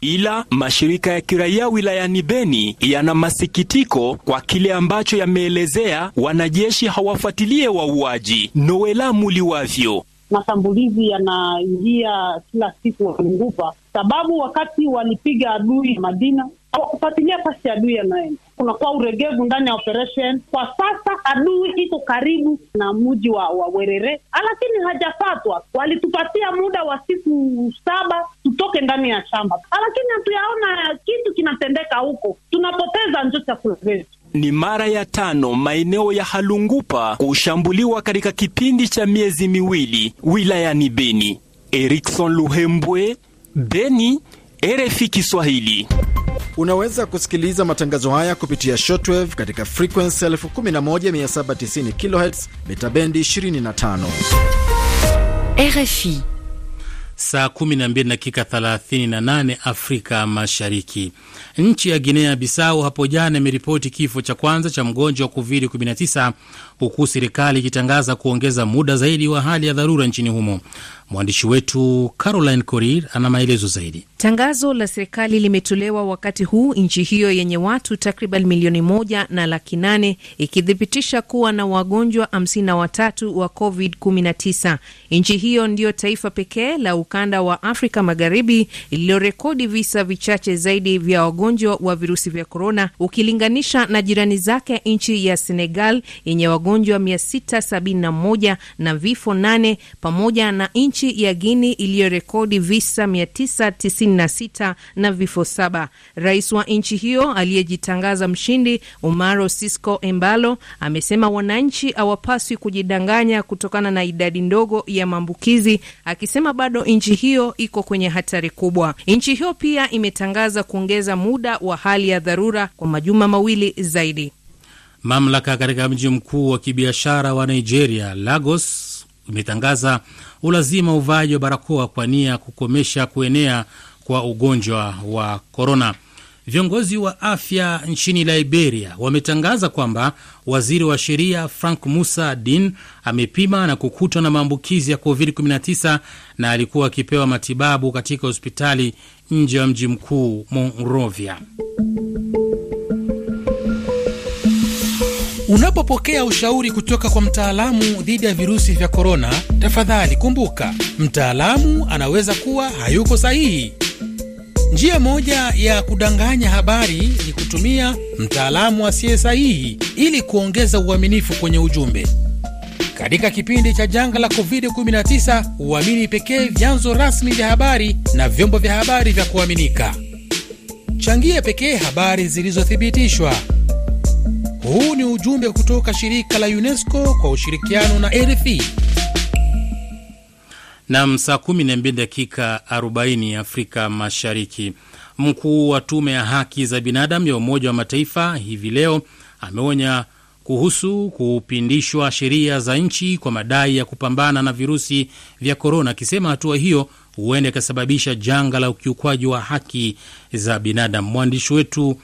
ila mashirika ya kiraia wilayani Beni yana masikitiko kwa kile ambacho yameelezea wanajeshi hawafuatilie wauaji. Noela Muliwavyo mashambulizi yanaingia kila siku wanungupa sababu wakati walipiga adui ya Madina hawakufuatilia pasi adui yanaenda, kunakuwa uregevu ndani ya operation. Kwa sasa adui iko karibu na mji wa, wa Werere, lakini hajafatwa Walitupatia muda wa siku saba tutoke ndani ya shamba, lakini hatuyaona kitu kinatendeka huko, tunapoteza njo chakula chetu. Ni mara ya tano maeneo ya Halungupa kushambuliwa katika kipindi cha miezi miwili wilayani Beni. Erikson Luhembwe, Beni, RFI Kiswahili. Unaweza kusikiliza matangazo haya kupitia shortwave katika frequency 11790 kHz mita bendi 25. RFI saa 12 dakika 38 Afrika Mashariki. Nchi ya Guinea Bissau hapo jana imeripoti kifo cha kwanza cha mgonjwa wa COVID-19 huku serikali ikitangaza kuongeza muda zaidi wa hali ya dharura nchini humo. Mwandishi wetu Caroline Corir ana maelezo zaidi. Tangazo la serikali limetolewa wakati huu nchi hiyo yenye watu takriban milioni moja na laki nane ikithibitisha kuwa na wagonjwa 53 wa COVID-19. Nchi hiyo ndiyo taifa pekee la ukanda wa Afrika Magharibi lililorekodi visa vichache zaidi vya wagonjwa wa virusi vya korona ukilinganisha na jirani zake nchi ya Senegal yenye wagonjwa 671 na vifo 8 pamoja na nchi nchi ya Guini iliyorekodi visa 996 na vifo saba. Rais wa nchi hiyo aliyejitangaza mshindi Umaro Sisco Embalo amesema wananchi hawapaswi kujidanganya kutokana na idadi ndogo ya maambukizi, akisema bado nchi hiyo iko kwenye hatari kubwa. Nchi hiyo pia imetangaza kuongeza muda wa hali ya dharura kwa majuma mawili zaidi. Mamlaka katika mji mkuu wa kibiashara wa Nigeria Lagos imetangaza ulazima uvaaji wa barakoa kwa nia ya kukomesha kuenea kwa ugonjwa wa korona. Viongozi wa afya nchini Liberia wametangaza kwamba waziri wa sheria Frank Musa Din amepima na kukutwa na maambukizi ya COVID-19 na alikuwa akipewa matibabu katika hospitali nje ya mji mkuu Monrovia. Unapopokea ushauri kutoka kwa mtaalamu dhidi ya virusi vya korona, tafadhali kumbuka, mtaalamu anaweza kuwa hayuko sahihi. Njia moja ya kudanganya habari ni kutumia mtaalamu asiye sahihi ili kuongeza uaminifu kwenye ujumbe. Katika kipindi cha janga la COVID-19, uamini pekee vyanzo rasmi vya habari na vyombo vya habari vya kuaminika. Changia pekee habari zilizothibitishwa. Huu ni ujumbe kutoka shirika la UNESCO kwa ushirikiano na RFI. Nam, saa 12 dakika 40 Afrika Mashariki. Mkuu wa tume ya haki za binadamu ya Umoja wa Mataifa hivi leo ameonya kuhusu kupindishwa sheria za nchi kwa madai ya kupambana na virusi vya korona, akisema hatua hiyo huenda ikasababisha janga la ukiukwaji wa haki za binadamu. Mwandishi wetu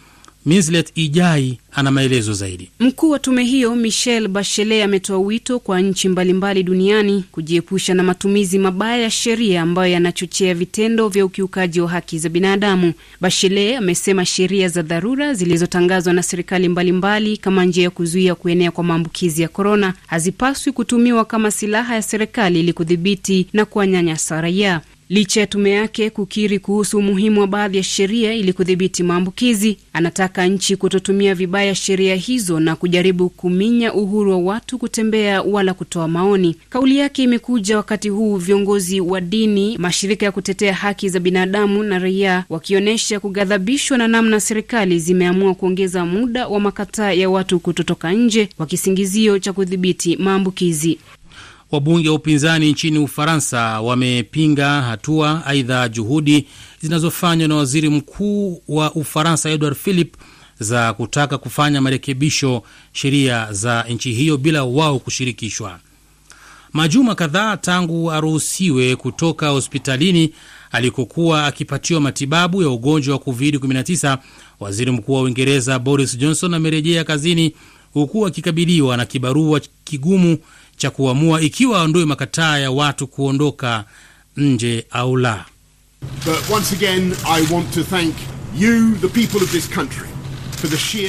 Minslet Ijai ana maelezo zaidi. Mkuu wa tume hiyo Michel Bachelet ametoa wito kwa nchi mbalimbali duniani kujiepusha na matumizi mabaya ya sheria ambayo yanachochea vitendo vya ukiukaji wa haki za binadamu. Bachelet amesema sheria za dharura zilizotangazwa na serikali mbalimbali kama njia ya kuzuia kuenea kwa maambukizi ya korona hazipaswi kutumiwa kama silaha ya serikali ili kudhibiti na kuwanyanyasa raia. Licha ya tume yake kukiri kuhusu umuhimu wa baadhi ya sheria ili kudhibiti maambukizi, anataka nchi kutotumia vibaya sheria hizo na kujaribu kuminya uhuru wa watu kutembea wala kutoa maoni. Kauli yake imekuja wakati huu viongozi wa dini, mashirika ya kutetea haki za binadamu na raia wakionyesha kughadhabishwa na namna serikali zimeamua kuongeza muda wa makataa ya watu kutotoka nje kwa kisingizio cha kudhibiti maambukizi. Wabunge wa upinzani nchini Ufaransa wamepinga hatua, aidha juhudi zinazofanywa na waziri mkuu wa Ufaransa Edward philip za kutaka kufanya marekebisho sheria za nchi hiyo bila wao kushirikishwa. Majuma kadhaa tangu aruhusiwe kutoka hospitalini alikokuwa akipatiwa matibabu ya ugonjwa wa COVID-19, waziri mkuu wa Uingereza Boris Johnson amerejea kazini huku akikabiliwa na kibarua kigumu cha kuamua ikiwa aondoe makataa ya watu kuondoka nje au la.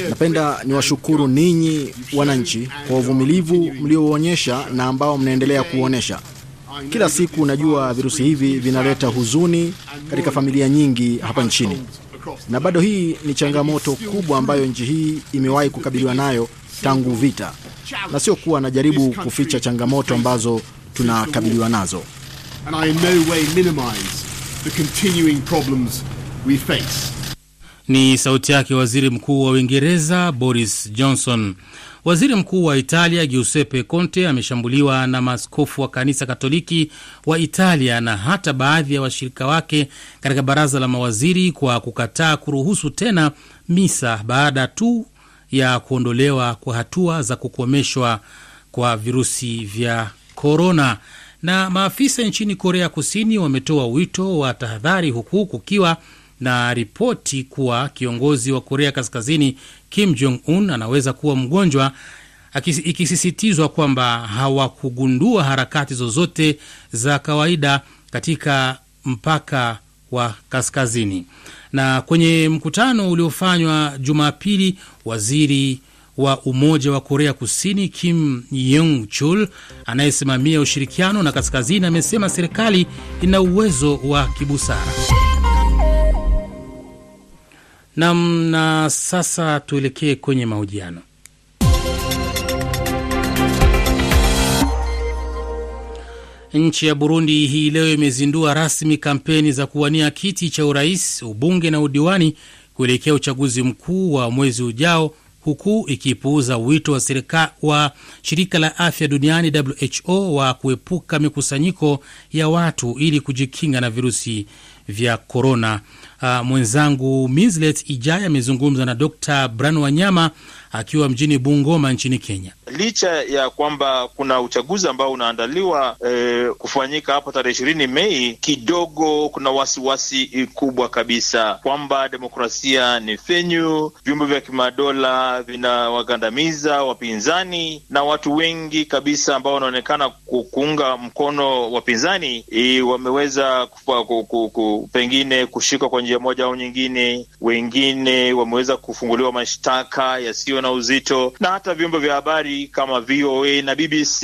Napenda niwashukuru ninyi wananchi kwa uvumilivu mliouonyesha na ambao mnaendelea kuonyesha kila siku. Najua virusi hivi vinaleta huzuni katika familia nyingi hapa nchini, na bado hii ni changamoto kubwa ambayo nchi hii imewahi kukabiliwa nayo tangu vita na sio kuwa anajaribu kuficha changamoto ambazo tunakabiliwa nazo. Ni sauti yake waziri mkuu wa Uingereza Boris Johnson. Waziri mkuu wa Italia Giuseppe Conte ameshambuliwa na maskofu wa kanisa Katoliki wa Italia na hata baadhi ya washirika wake katika baraza la mawaziri kwa kukataa kuruhusu tena misa baada tu ya kuondolewa kwa hatua za kukomeshwa kwa virusi vya korona. Na maafisa nchini Korea Kusini wametoa wito wa tahadhari, huku kukiwa na ripoti kuwa kiongozi wa Korea Kaskazini Kim Jong Un anaweza kuwa mgonjwa, ikisisitizwa kwamba hawakugundua harakati zozote za kawaida katika mpaka wa kaskazini. Na kwenye mkutano uliofanywa Jumapili, waziri wa Umoja wa Korea Kusini Kim Yong Chul anayesimamia ushirikiano na kaskazini amesema serikali ina uwezo wa kibusara. Nam, na sasa tuelekee kwenye mahojiano. Nchi ya Burundi hii leo imezindua rasmi kampeni za kuwania kiti cha urais, ubunge na udiwani kuelekea uchaguzi mkuu wa mwezi ujao, huku ikipuuza wito wa serika, wa shirika la afya duniani WHO wa kuepuka mikusanyiko ya watu ili kujikinga na virusi vya korona. Uh, ah, mwenzangu Mislet Ijai amezungumza na Dr Bran Wanyama akiwa mjini Bungoma nchini Kenya licha ya kwamba kuna uchaguzi ambao unaandaliwa e, kufanyika hapo tarehe ishirini Mei, kidogo kuna wasiwasi wasi kubwa kabisa kwamba demokrasia ni fenyu, vyombo vya kimadola vinawagandamiza wapinzani, na watu wengi kabisa ambao wanaonekana kuunga mkono wapinzani e, wameweza kupa, pengine kushikwa kwa njia moja au nyingine, wengine wameweza kufunguliwa mashtaka yasiyo na uzito, na hata vyombo vya habari kama VOA na BBC,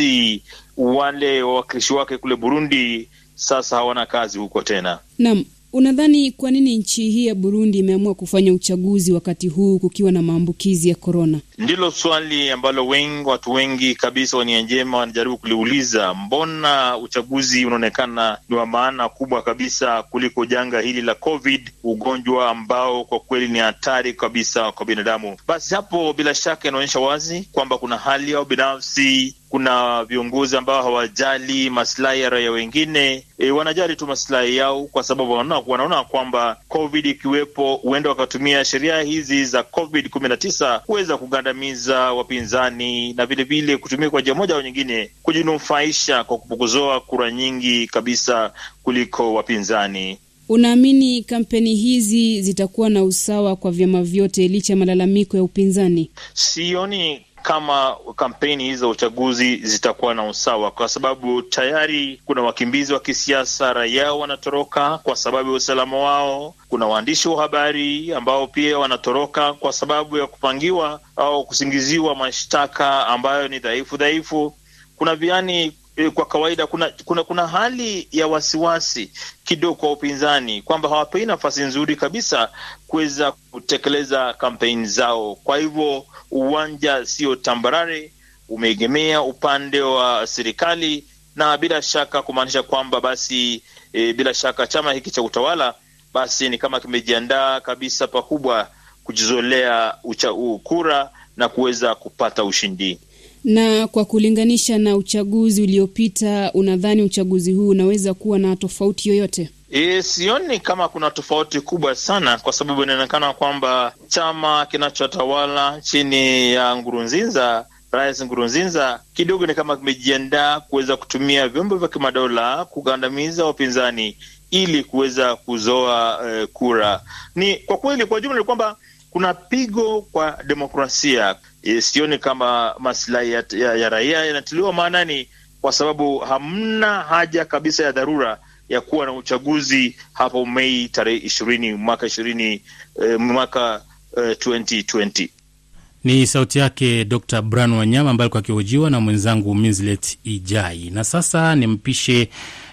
wale wawakilishi wake kule Burundi sasa hawana kazi huko tena. Naam, unadhani kwa nini nchi hii ya Burundi imeamua kufanya uchaguzi wakati huu kukiwa na maambukizi ya korona? ndilo swali ambalo wengi, watu wengi kabisa wenye njema wanajaribu kuliuliza. Mbona uchaguzi unaonekana ni wa maana kubwa kabisa kuliko janga hili la COVID, ugonjwa ambao kwa kweli ni hatari kabisa kwa binadamu? Basi hapo bila shaka inaonyesha wazi kwamba kuna hali yao binafsi kuna viongozi ambao hawajali masilahi ya raia wengine e, wanajali tu masilahi yao, kwa sababu wanaona kwamba COVID ikiwepo, huenda wakatumia sheria hizi za COVID kumi na tisa kuweza kuganda kuwakandamiza wapinzani na vilevile kutumia kwa njia moja au nyingine kujinufaisha kwa kupokozoa kura nyingi kabisa kuliko wapinzani. Unaamini kampeni hizi zitakuwa na usawa kwa vyama vyote licha ya malalamiko ya upinzani? Sioni kama kampeni hizi za uchaguzi zitakuwa na usawa, kwa sababu tayari kuna wakimbizi wa kisiasa, raia wanatoroka kwa sababu ya usalama wao. Kuna waandishi wa habari ambao pia wanatoroka kwa sababu ya kupangiwa au kusingiziwa mashtaka ambayo ni dhaifu dhaifu. Kuna viani eh, kwa kawaida kuna, kuna kuna hali ya wasiwasi kidogo kwa upinzani kwamba hawapei nafasi nzuri kabisa kuweza kutekeleza kampeni zao. Kwa hivyo uwanja sio tambarare, umeegemea upande wa serikali, na bila shaka kumaanisha kwamba basi e, bila shaka chama hiki cha utawala basi ni kama kimejiandaa kabisa pakubwa kujizolea kura na kuweza kupata ushindi. Na kwa kulinganisha na uchaguzi uliopita, unadhani uchaguzi huu unaweza kuwa na tofauti yoyote? E, sioni kama kuna tofauti kubwa sana kwa sababu inaonekana kwamba chama kinachotawala chini ya Ngurunzinza Rais ngurunzinza kidogo ni kama kimejiandaa kuweza kutumia vyombo vya kimadola kugandamiza wapinzani ili kuweza kuzoa eh, kura. Ni kwa kweli, kwa jumla ni kwamba kuna pigo kwa demokrasia e, sioni kama masilahi ya, ya, ya raia yanatiliwa maanani, kwa sababu hamna haja kabisa ya dharura ya kuwa na uchaguzi hapo Mei tarehe ishirini mwaka ishirini eh, mwaka eh, 2020. Ni sauti yake Dr bran Wanyama ambaye alikuwa akihojiwa na mwenzangu Mislet Ijai. Na sasa nimpishe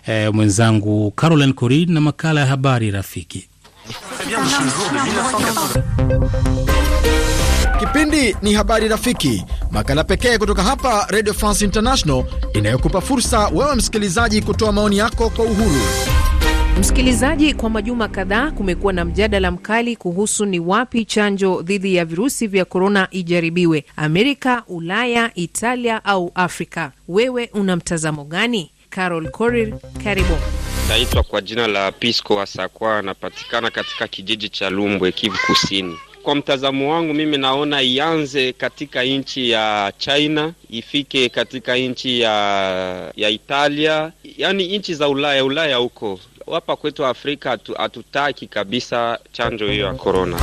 eh, mwenzangu carolin corin na makala ya habari rafiki Kipindi ni Habari Rafiki, makala pekee kutoka hapa Radio France International inayokupa fursa wewe msikilizaji kutoa maoni yako kwa uhuru. Msikilizaji, kwa majuma kadhaa kumekuwa na mjadala mkali kuhusu ni wapi chanjo dhidi ya virusi vya korona ijaribiwe: Amerika, Ulaya, Italia au Afrika? Wewe una mtazamo gani? Carol Korir, karibu. Naitwa kwa jina la Pisco Asakwa, anapatikana katika kijiji cha Lumbwe, Kivu Kusini. Kwa mtazamo wangu mimi naona ianze katika nchi ya China, ifike katika nchi ya, ya Italia, yaani nchi za Ulaya, Ulaya huko. Hapa kwetu Afrika hatutaki atu kabisa chanjo hiyo ya korona.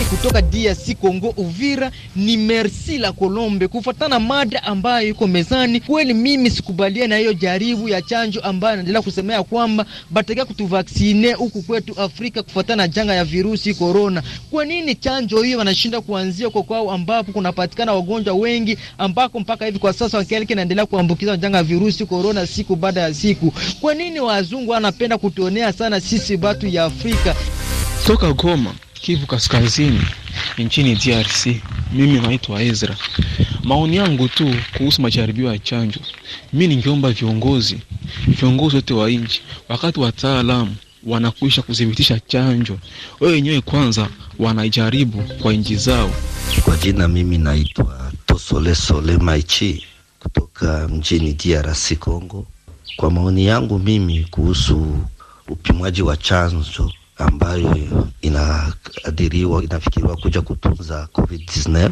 Msati kutoka DRC Congo, Uvira, ni Merci la Colombe. Kufuatana mada ambayo iko mezani, kweli mimi sikubalia na hiyo jaribu ya chanjo ambayo anaendelea kusemea kwamba batakia kutuvaksine huku kwetu Afrika kufuatana na janga ya virusi corona. Kwa nini chanjo hiyo wanashinda kuanzia kwa kwao ambapo kunapatikana wagonjwa wengi ambako mpaka hivi kwa sasa wakeleke naendelea kuambukiza janga ya virusi corona siku baada ya siku? Kwa nini wazungu wanapenda kutuonea sana sisi batu ya Afrika? Toka Goma Kivu Kaskazini nchini DRC. Mimi naitwa Ezra. Maoni yangu tu kuhusu majaribio ya chanjo, mi ningeomba viongozi viongozi wote wa nchi, wakati wataalamu wanakwisha kuthibitisha chanjo, wao wenyewe kwanza wanajaribu kwa nchi zao. Kwa jina mimi naitwa Tosole Sole Maichi kutoka mjini DRC Congo. Kwa maoni yangu mimi kuhusu upimwaji wa chanjo ambayo inaadhiriwa inafikiriwa kuja kutunza COVID-19.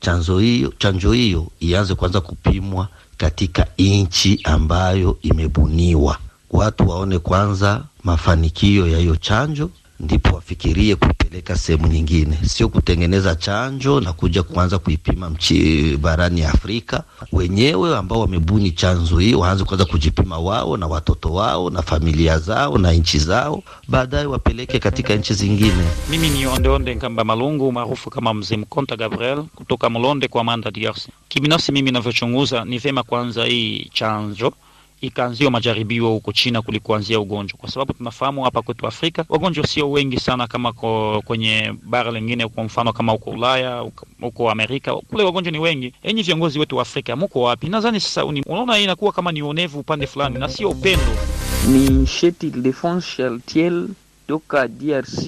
Chanzo hiyo chanjo hiyo ianze kwanza kupimwa katika nchi ambayo imebuniwa, watu waone kwanza mafanikio ya hiyo chanjo ndipo wafikirie kupeleka sehemu nyingine, sio kutengeneza chanjo na kuja kuanza kuipima mchi barani Afrika. Wenyewe ambao wamebuni chanzo hii waanze kwanza kujipima wao na watoto wao na familia zao na nchi zao, baadaye wapeleke katika nchi zingine. Mimi ni Ondeonde Nkamba Malungu maarufu kama Mzee Mkonta Gabriel kutoka Mlonde kwa Manda DRC. Kibinafsi mimi navyochunguza ni vema kwanza hii chanjo ikaanziwa majaribio huko China kulikuanzia ugonjwa, kwa sababu tunafahamu hapa kwetu Afrika wagonjwa sio wengi sana kama kwa kwenye bara lingine, kwa mfano kama huko Ulaya, huko Amerika, kule wagonjwa ni wengi. Enyi viongozi wetu wa Afrika, mko wapi? Nadhani sasa unaona inakuwa kama ni onevu upande fulani na sio upendo. Ni Sheti Defense Shaltiel toka DRC,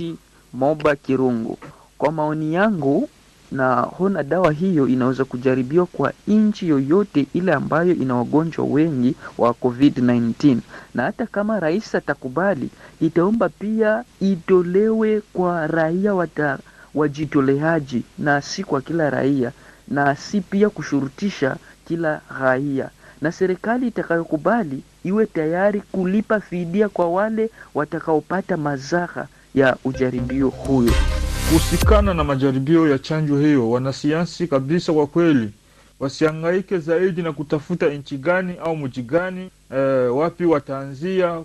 Moba Kirungu. Kwa maoni yangu na hona dawa hiyo inaweza kujaribiwa kwa nchi yoyote ile ambayo ina wagonjwa wengi wa COVID-19, na hata kama rais atakubali, itaomba pia itolewe kwa raia wata, wajitoleaji na si kwa kila raia, na si pia kushurutisha kila raia, na serikali itakayokubali iwe tayari kulipa fidia kwa wale watakaopata mazaha ya ujaribio huyo. Kuhusikana na majaribio ya chanjo hiyo, wanasayansi kabisa kwa kweli wasiangaike zaidi na kutafuta nchi gani au mji gani, e, wapi wataanzia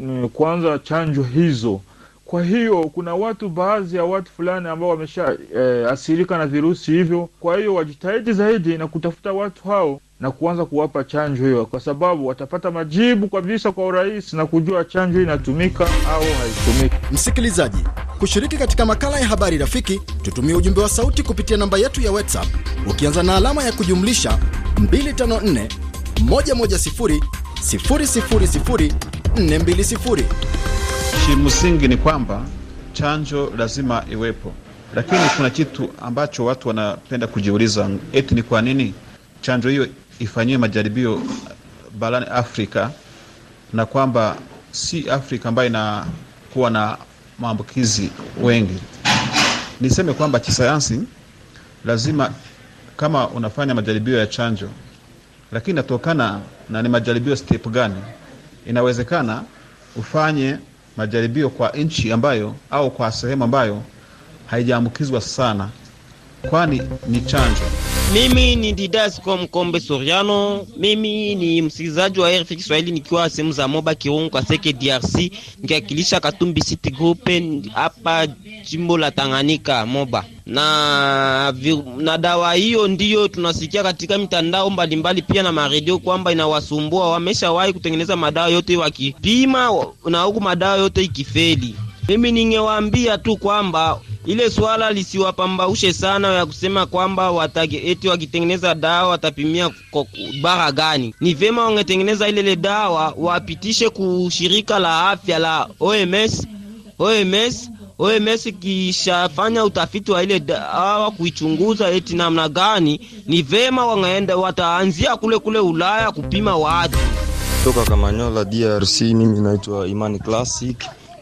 eh, kuanza chanjo hizo. Kwa hiyo kuna watu baadhi ya watu fulani ambao wamesha e, eh, asirika na virusi hivyo. Kwa hiyo wajitahidi zaidi na kutafuta watu hao na kuanza kuwapa chanjo hiyo, kwa sababu watapata majibu kabisa kwa urahisi na kujua chanjo inatumika au haitumiki. Msikilizaji, kushiriki katika makala ya habari rafiki, tutumie ujumbe wa sauti kupitia namba yetu ya WhatsApp ukianza na alama ya kujumlisha 254 110 000 420. Kimsingi ni kwamba chanjo lazima iwepo, lakini kuna kitu ambacho watu wanapenda kujiuliza, eti ni kwa nini chanjo hiyo ifanyiwe majaribio barani Afrika na kwamba si Afrika ambayo inakuwa na maambukizi wengi. Niseme kwamba kisayansi, lazima kama unafanya majaribio ya chanjo, lakini inatokana na ni majaribio step gani. Inawezekana ufanye majaribio kwa nchi ambayo au kwa sehemu ambayo haijaambukizwa sana, kwani ni chanjo. Mimi ni Didas kwa Mkombe Soriano. Mimi ni msikilizaji wa RFI Kiswahili nikiwa sehemu za Moba Kirungu kwa Seke DRC, nikiwakilisha Katumbi City Group hapa jimbo la Tanganyika Moba. Na, na dawa hiyo ndiyo tunasikia katika mitandao mbalimbali pia na maredio kwamba inawasumbua. Wameshawahi kutengeneza madawa yote wakipima na huku madawa yote ikifeli. Mimi ningewaambia tu kwamba ile swala lisiwapambaushe sana ya kusema kwamba watage eti wakitengeneza dawa watapimia bara gani. Ni vema wangetengeneza ile dawa wapitishe kushirika la afya la OMS. OMS OMS kishafanya utafiti wa ile dawa kuichunguza eti namna gani. Ni vema wangaenda, wataanzia kule kule Ulaya kupima watu toka Kamanyola, DRC. Mimi naitwa Imani Classic.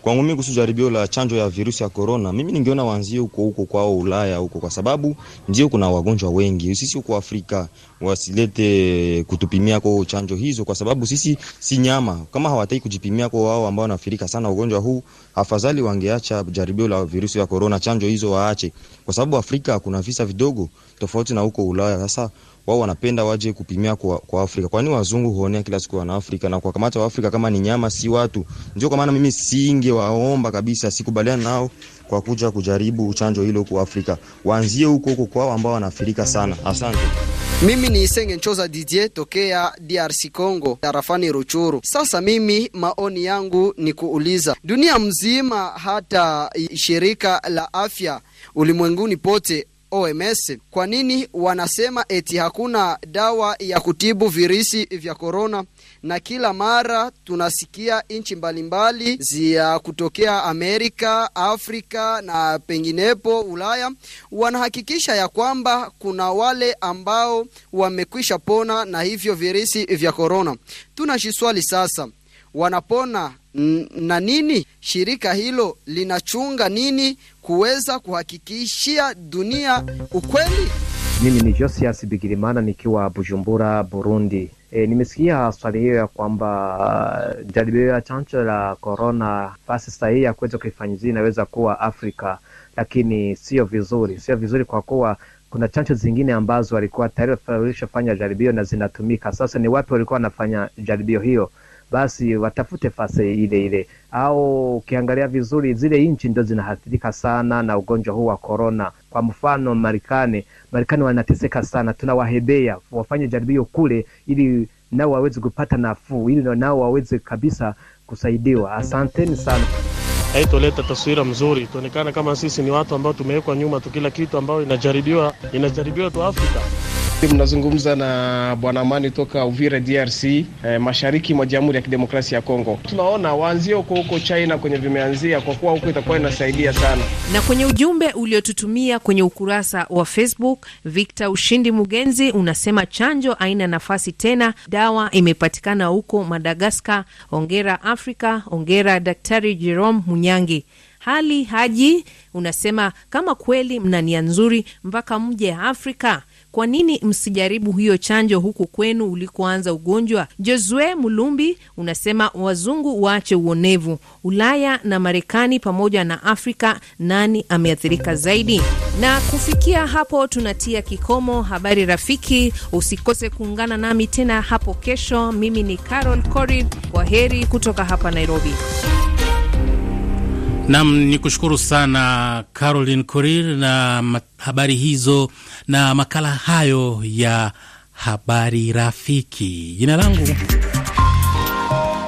Kwangu mimi kuhusu jaribio la chanjo ya virusi ya korona, mimi ningeona waanzie huko huko kwao Ulaya huko, kwa sababu ndio kuna wagonjwa wengi. Sisi huko Afrika wasilete kutupimia kwa chanjo hizo, kwa sababu sisi si nyama. Kama hawataki kujipimia kwa wao ambao wanafirika sana ugonjwa huu, afadhali wangeacha jaribio la virusi ya korona, chanjo hizo waache, kwa sababu Afrika kuna visa vidogo tofauti na huko Ulaya. Sasa wao wanapenda waje kupimia kwa, kwa Afrika, kwani wazungu huonea kila siku wana Afrika na kuwakamata Waafrika kama ni nyama, si watu. Ndio kwa maana mimi siinge waomba kabisa, sikubaliana nao kwa kuja kujaribu chanjo hilo kwa Afrika. Waanzie huko huko kwao ambao wanaafirika sana. Asante. Mimi ni Isenge Nchoza Didier tokea DRC Congo, tarafani Ruchuru. Sasa mimi maoni yangu ni kuuliza dunia mzima, hata shirika la afya ulimwenguni pote OMS. Kwa nini wanasema eti hakuna dawa ya kutibu virusi vya korona, na kila mara tunasikia nchi mbalimbali zia kutokea Amerika, Afrika na penginepo Ulaya wanahakikisha ya kwamba kuna wale ambao wamekwisha pona na hivyo virusi vya korona. Tunajiswali sasa, wanapona na nini? Shirika hilo linachunga nini kuweza kuhakikishia dunia ukweli. Mimi ni Josias Bigirimana nikiwa Bujumbura, Burundi. E, nimesikia swali hiyo ya kwamba uh, jaribio ya chanjo la korona basi sahihi ya kuweza kuifanyizia inaweza kuwa Afrika, lakini sio vizuri, sio vizuri kwa kuwa kuna chanjo zingine ambazo walikuwa tayari walishafanya jaribio na zinatumika. Sasa ni wapi walikuwa wanafanya jaribio hiyo? basi watafute fasi ile ile. Au ukiangalia vizuri, zile nchi ndo zinaathirika sana na ugonjwa huu wa korona. Kwa mfano, Marekani, Marekani wanateseka sana, tunawahebea wafanye jaribio kule, ili nao waweze kupata nafuu, ili nao waweze kabisa kusaidiwa. Asanteni sana. Haitoleta taswira mzuri, tuonekana kama sisi ni watu ambao tumewekwa nyuma tu, kila kitu ambayo inajaribiwa inajaribiwa tu Afrika. Mnazungumza na Bwana Amani toka Uvira, DRC, e, eh, mashariki mwa Jamhuri ya Kidemokrasia ya Kongo. Tunaona waanzie huko huko China kwenye vimeanzia, kwa kuwa huko itakuwa inasaidia sana. Na kwenye ujumbe uliotutumia kwenye ukurasa wa Facebook, Victor Ushindi Mugenzi unasema chanjo haina nafasi tena, dawa imepatikana huko Madagaskar. Ongera Afrika, ongera Daktari Jerome Munyangi. Hali Haji unasema kama kweli mna nia nzuri, mpaka mje Afrika kwa nini msijaribu hiyo chanjo huku kwenu ulikoanza ugonjwa? Josue Mulumbi unasema wazungu waache uonevu. Ulaya na Marekani pamoja na Afrika, nani ameathirika zaidi? Na kufikia hapo tunatia kikomo habari rafiki. Usikose kuungana nami tena hapo kesho. Mimi ni Carol Korir, kwa heri kutoka hapa Nairobi. Nam ni kushukuru sana Caroline Corir na habari hizo na makala hayo ya habari rafiki. Jina langu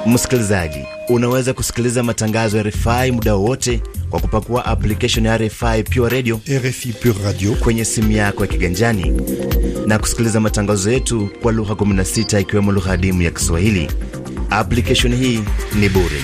msikilizaji, unaweza kusikiliza matangazo ya RFI muda wowote kwa kupakua application ya RFI Pure Radio, RFI Pure Radio kwenye simu yako ya kiganjani na kusikiliza matangazo yetu kwa lugha 16 ikiwemo lugha adimu ya Kiswahili. Application hii ni bure.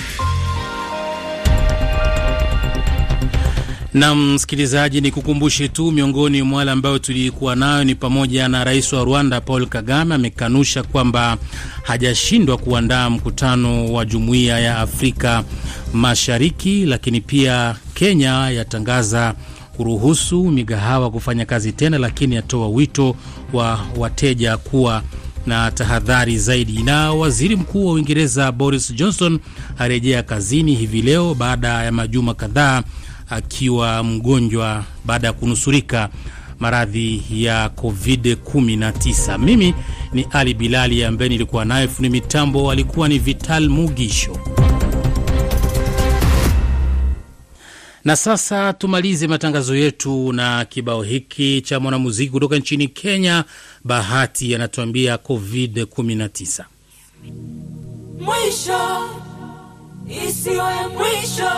Na msikilizaji, ni kukumbushe tu miongoni mwa wale ambayo tulikuwa nayo ni pamoja na rais wa Rwanda Paul Kagame amekanusha kwamba hajashindwa kuandaa mkutano wa jumuiya ya Afrika Mashariki, lakini pia Kenya yatangaza kuruhusu migahawa kufanya kazi tena, lakini atoa wito wa wateja kuwa na tahadhari zaidi. Na waziri mkuu wa Uingereza Boris Johnson arejea kazini hivi leo baada ya majuma kadhaa akiwa mgonjwa baada ya kunusurika maradhi ya COVID-19. Mimi ni Ali Bilali ambaye nilikuwa naye, fundi mitambo alikuwa ni Vital Mugisho. Na sasa tumalize matangazo yetu na kibao hiki cha mwanamuziki kutoka nchini Kenya, Bahati anatuambia COVID-19. Mwisho mwisho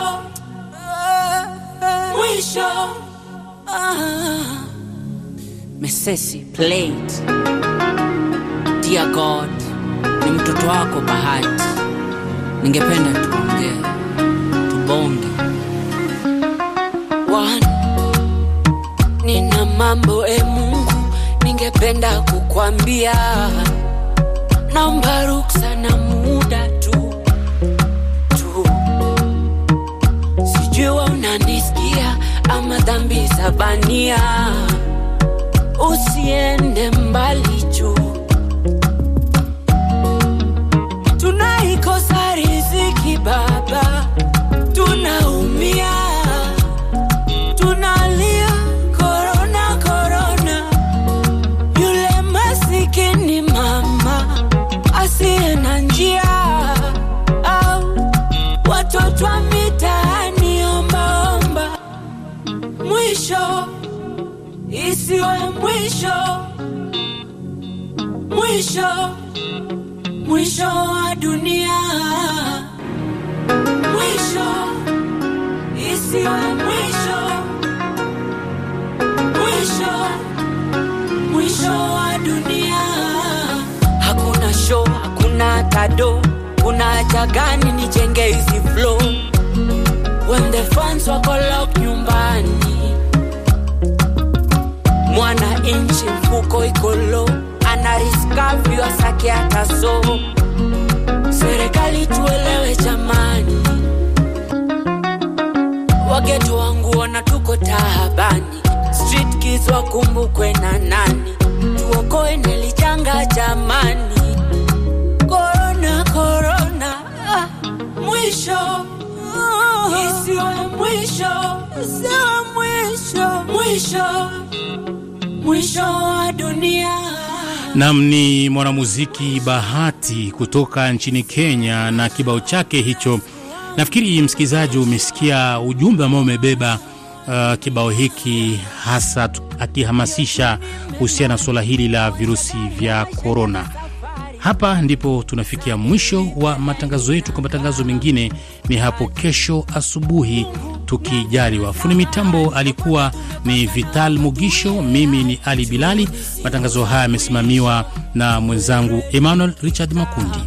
mwisho ah. mesesi plate dear god ni mtoto wako bahati ningependa tuongee tubonge One. nina mambo e mungu ningependa kukwambia naomba ruksa na muda jua unanisikia ama dhambi za usiende mbali juu tunaikosa riziki Baba, tunaumia tunalia, korona korona, yule masikini mama asiye na njia au watoto mwisho, isiwe mwisho, mwisho, mwisho wa dunia, mwisho, isiwe mwisho, mwisho, mwisho wa dunia. Hakuna show, hakuna tado, kuna cha gani nijenge hizi flow when the fans wako lock nyumbani mwana nchi mfuko ikolo anariskavyo asake ataso serikali tuelewe jamani wageto wangu wana tuko tahabani street kids wakumbukwe na nani tuokoe nelijanga jamani korona korona ah, mwisho isiwe mwisho isiwe mwisho mwisho mwisho wa dunia. Nam ni mwanamuziki Bahati kutoka nchini Kenya na kibao chake hicho. Nafikiri msikilizaji, umesikia ujumbe ambao umebeba uh, kibao hiki hasa akihamasisha kuhusiana na suala hili la virusi vya korona. Hapa ndipo tunafikia mwisho wa matangazo yetu. Kwa matangazo mengine ni hapo kesho asubuhi tukijaliwa. Fundi mitambo alikuwa ni Vital Mugisho, mimi ni Ali Bilali. Matangazo haya yamesimamiwa na mwenzangu Emmanuel Richard Makundi.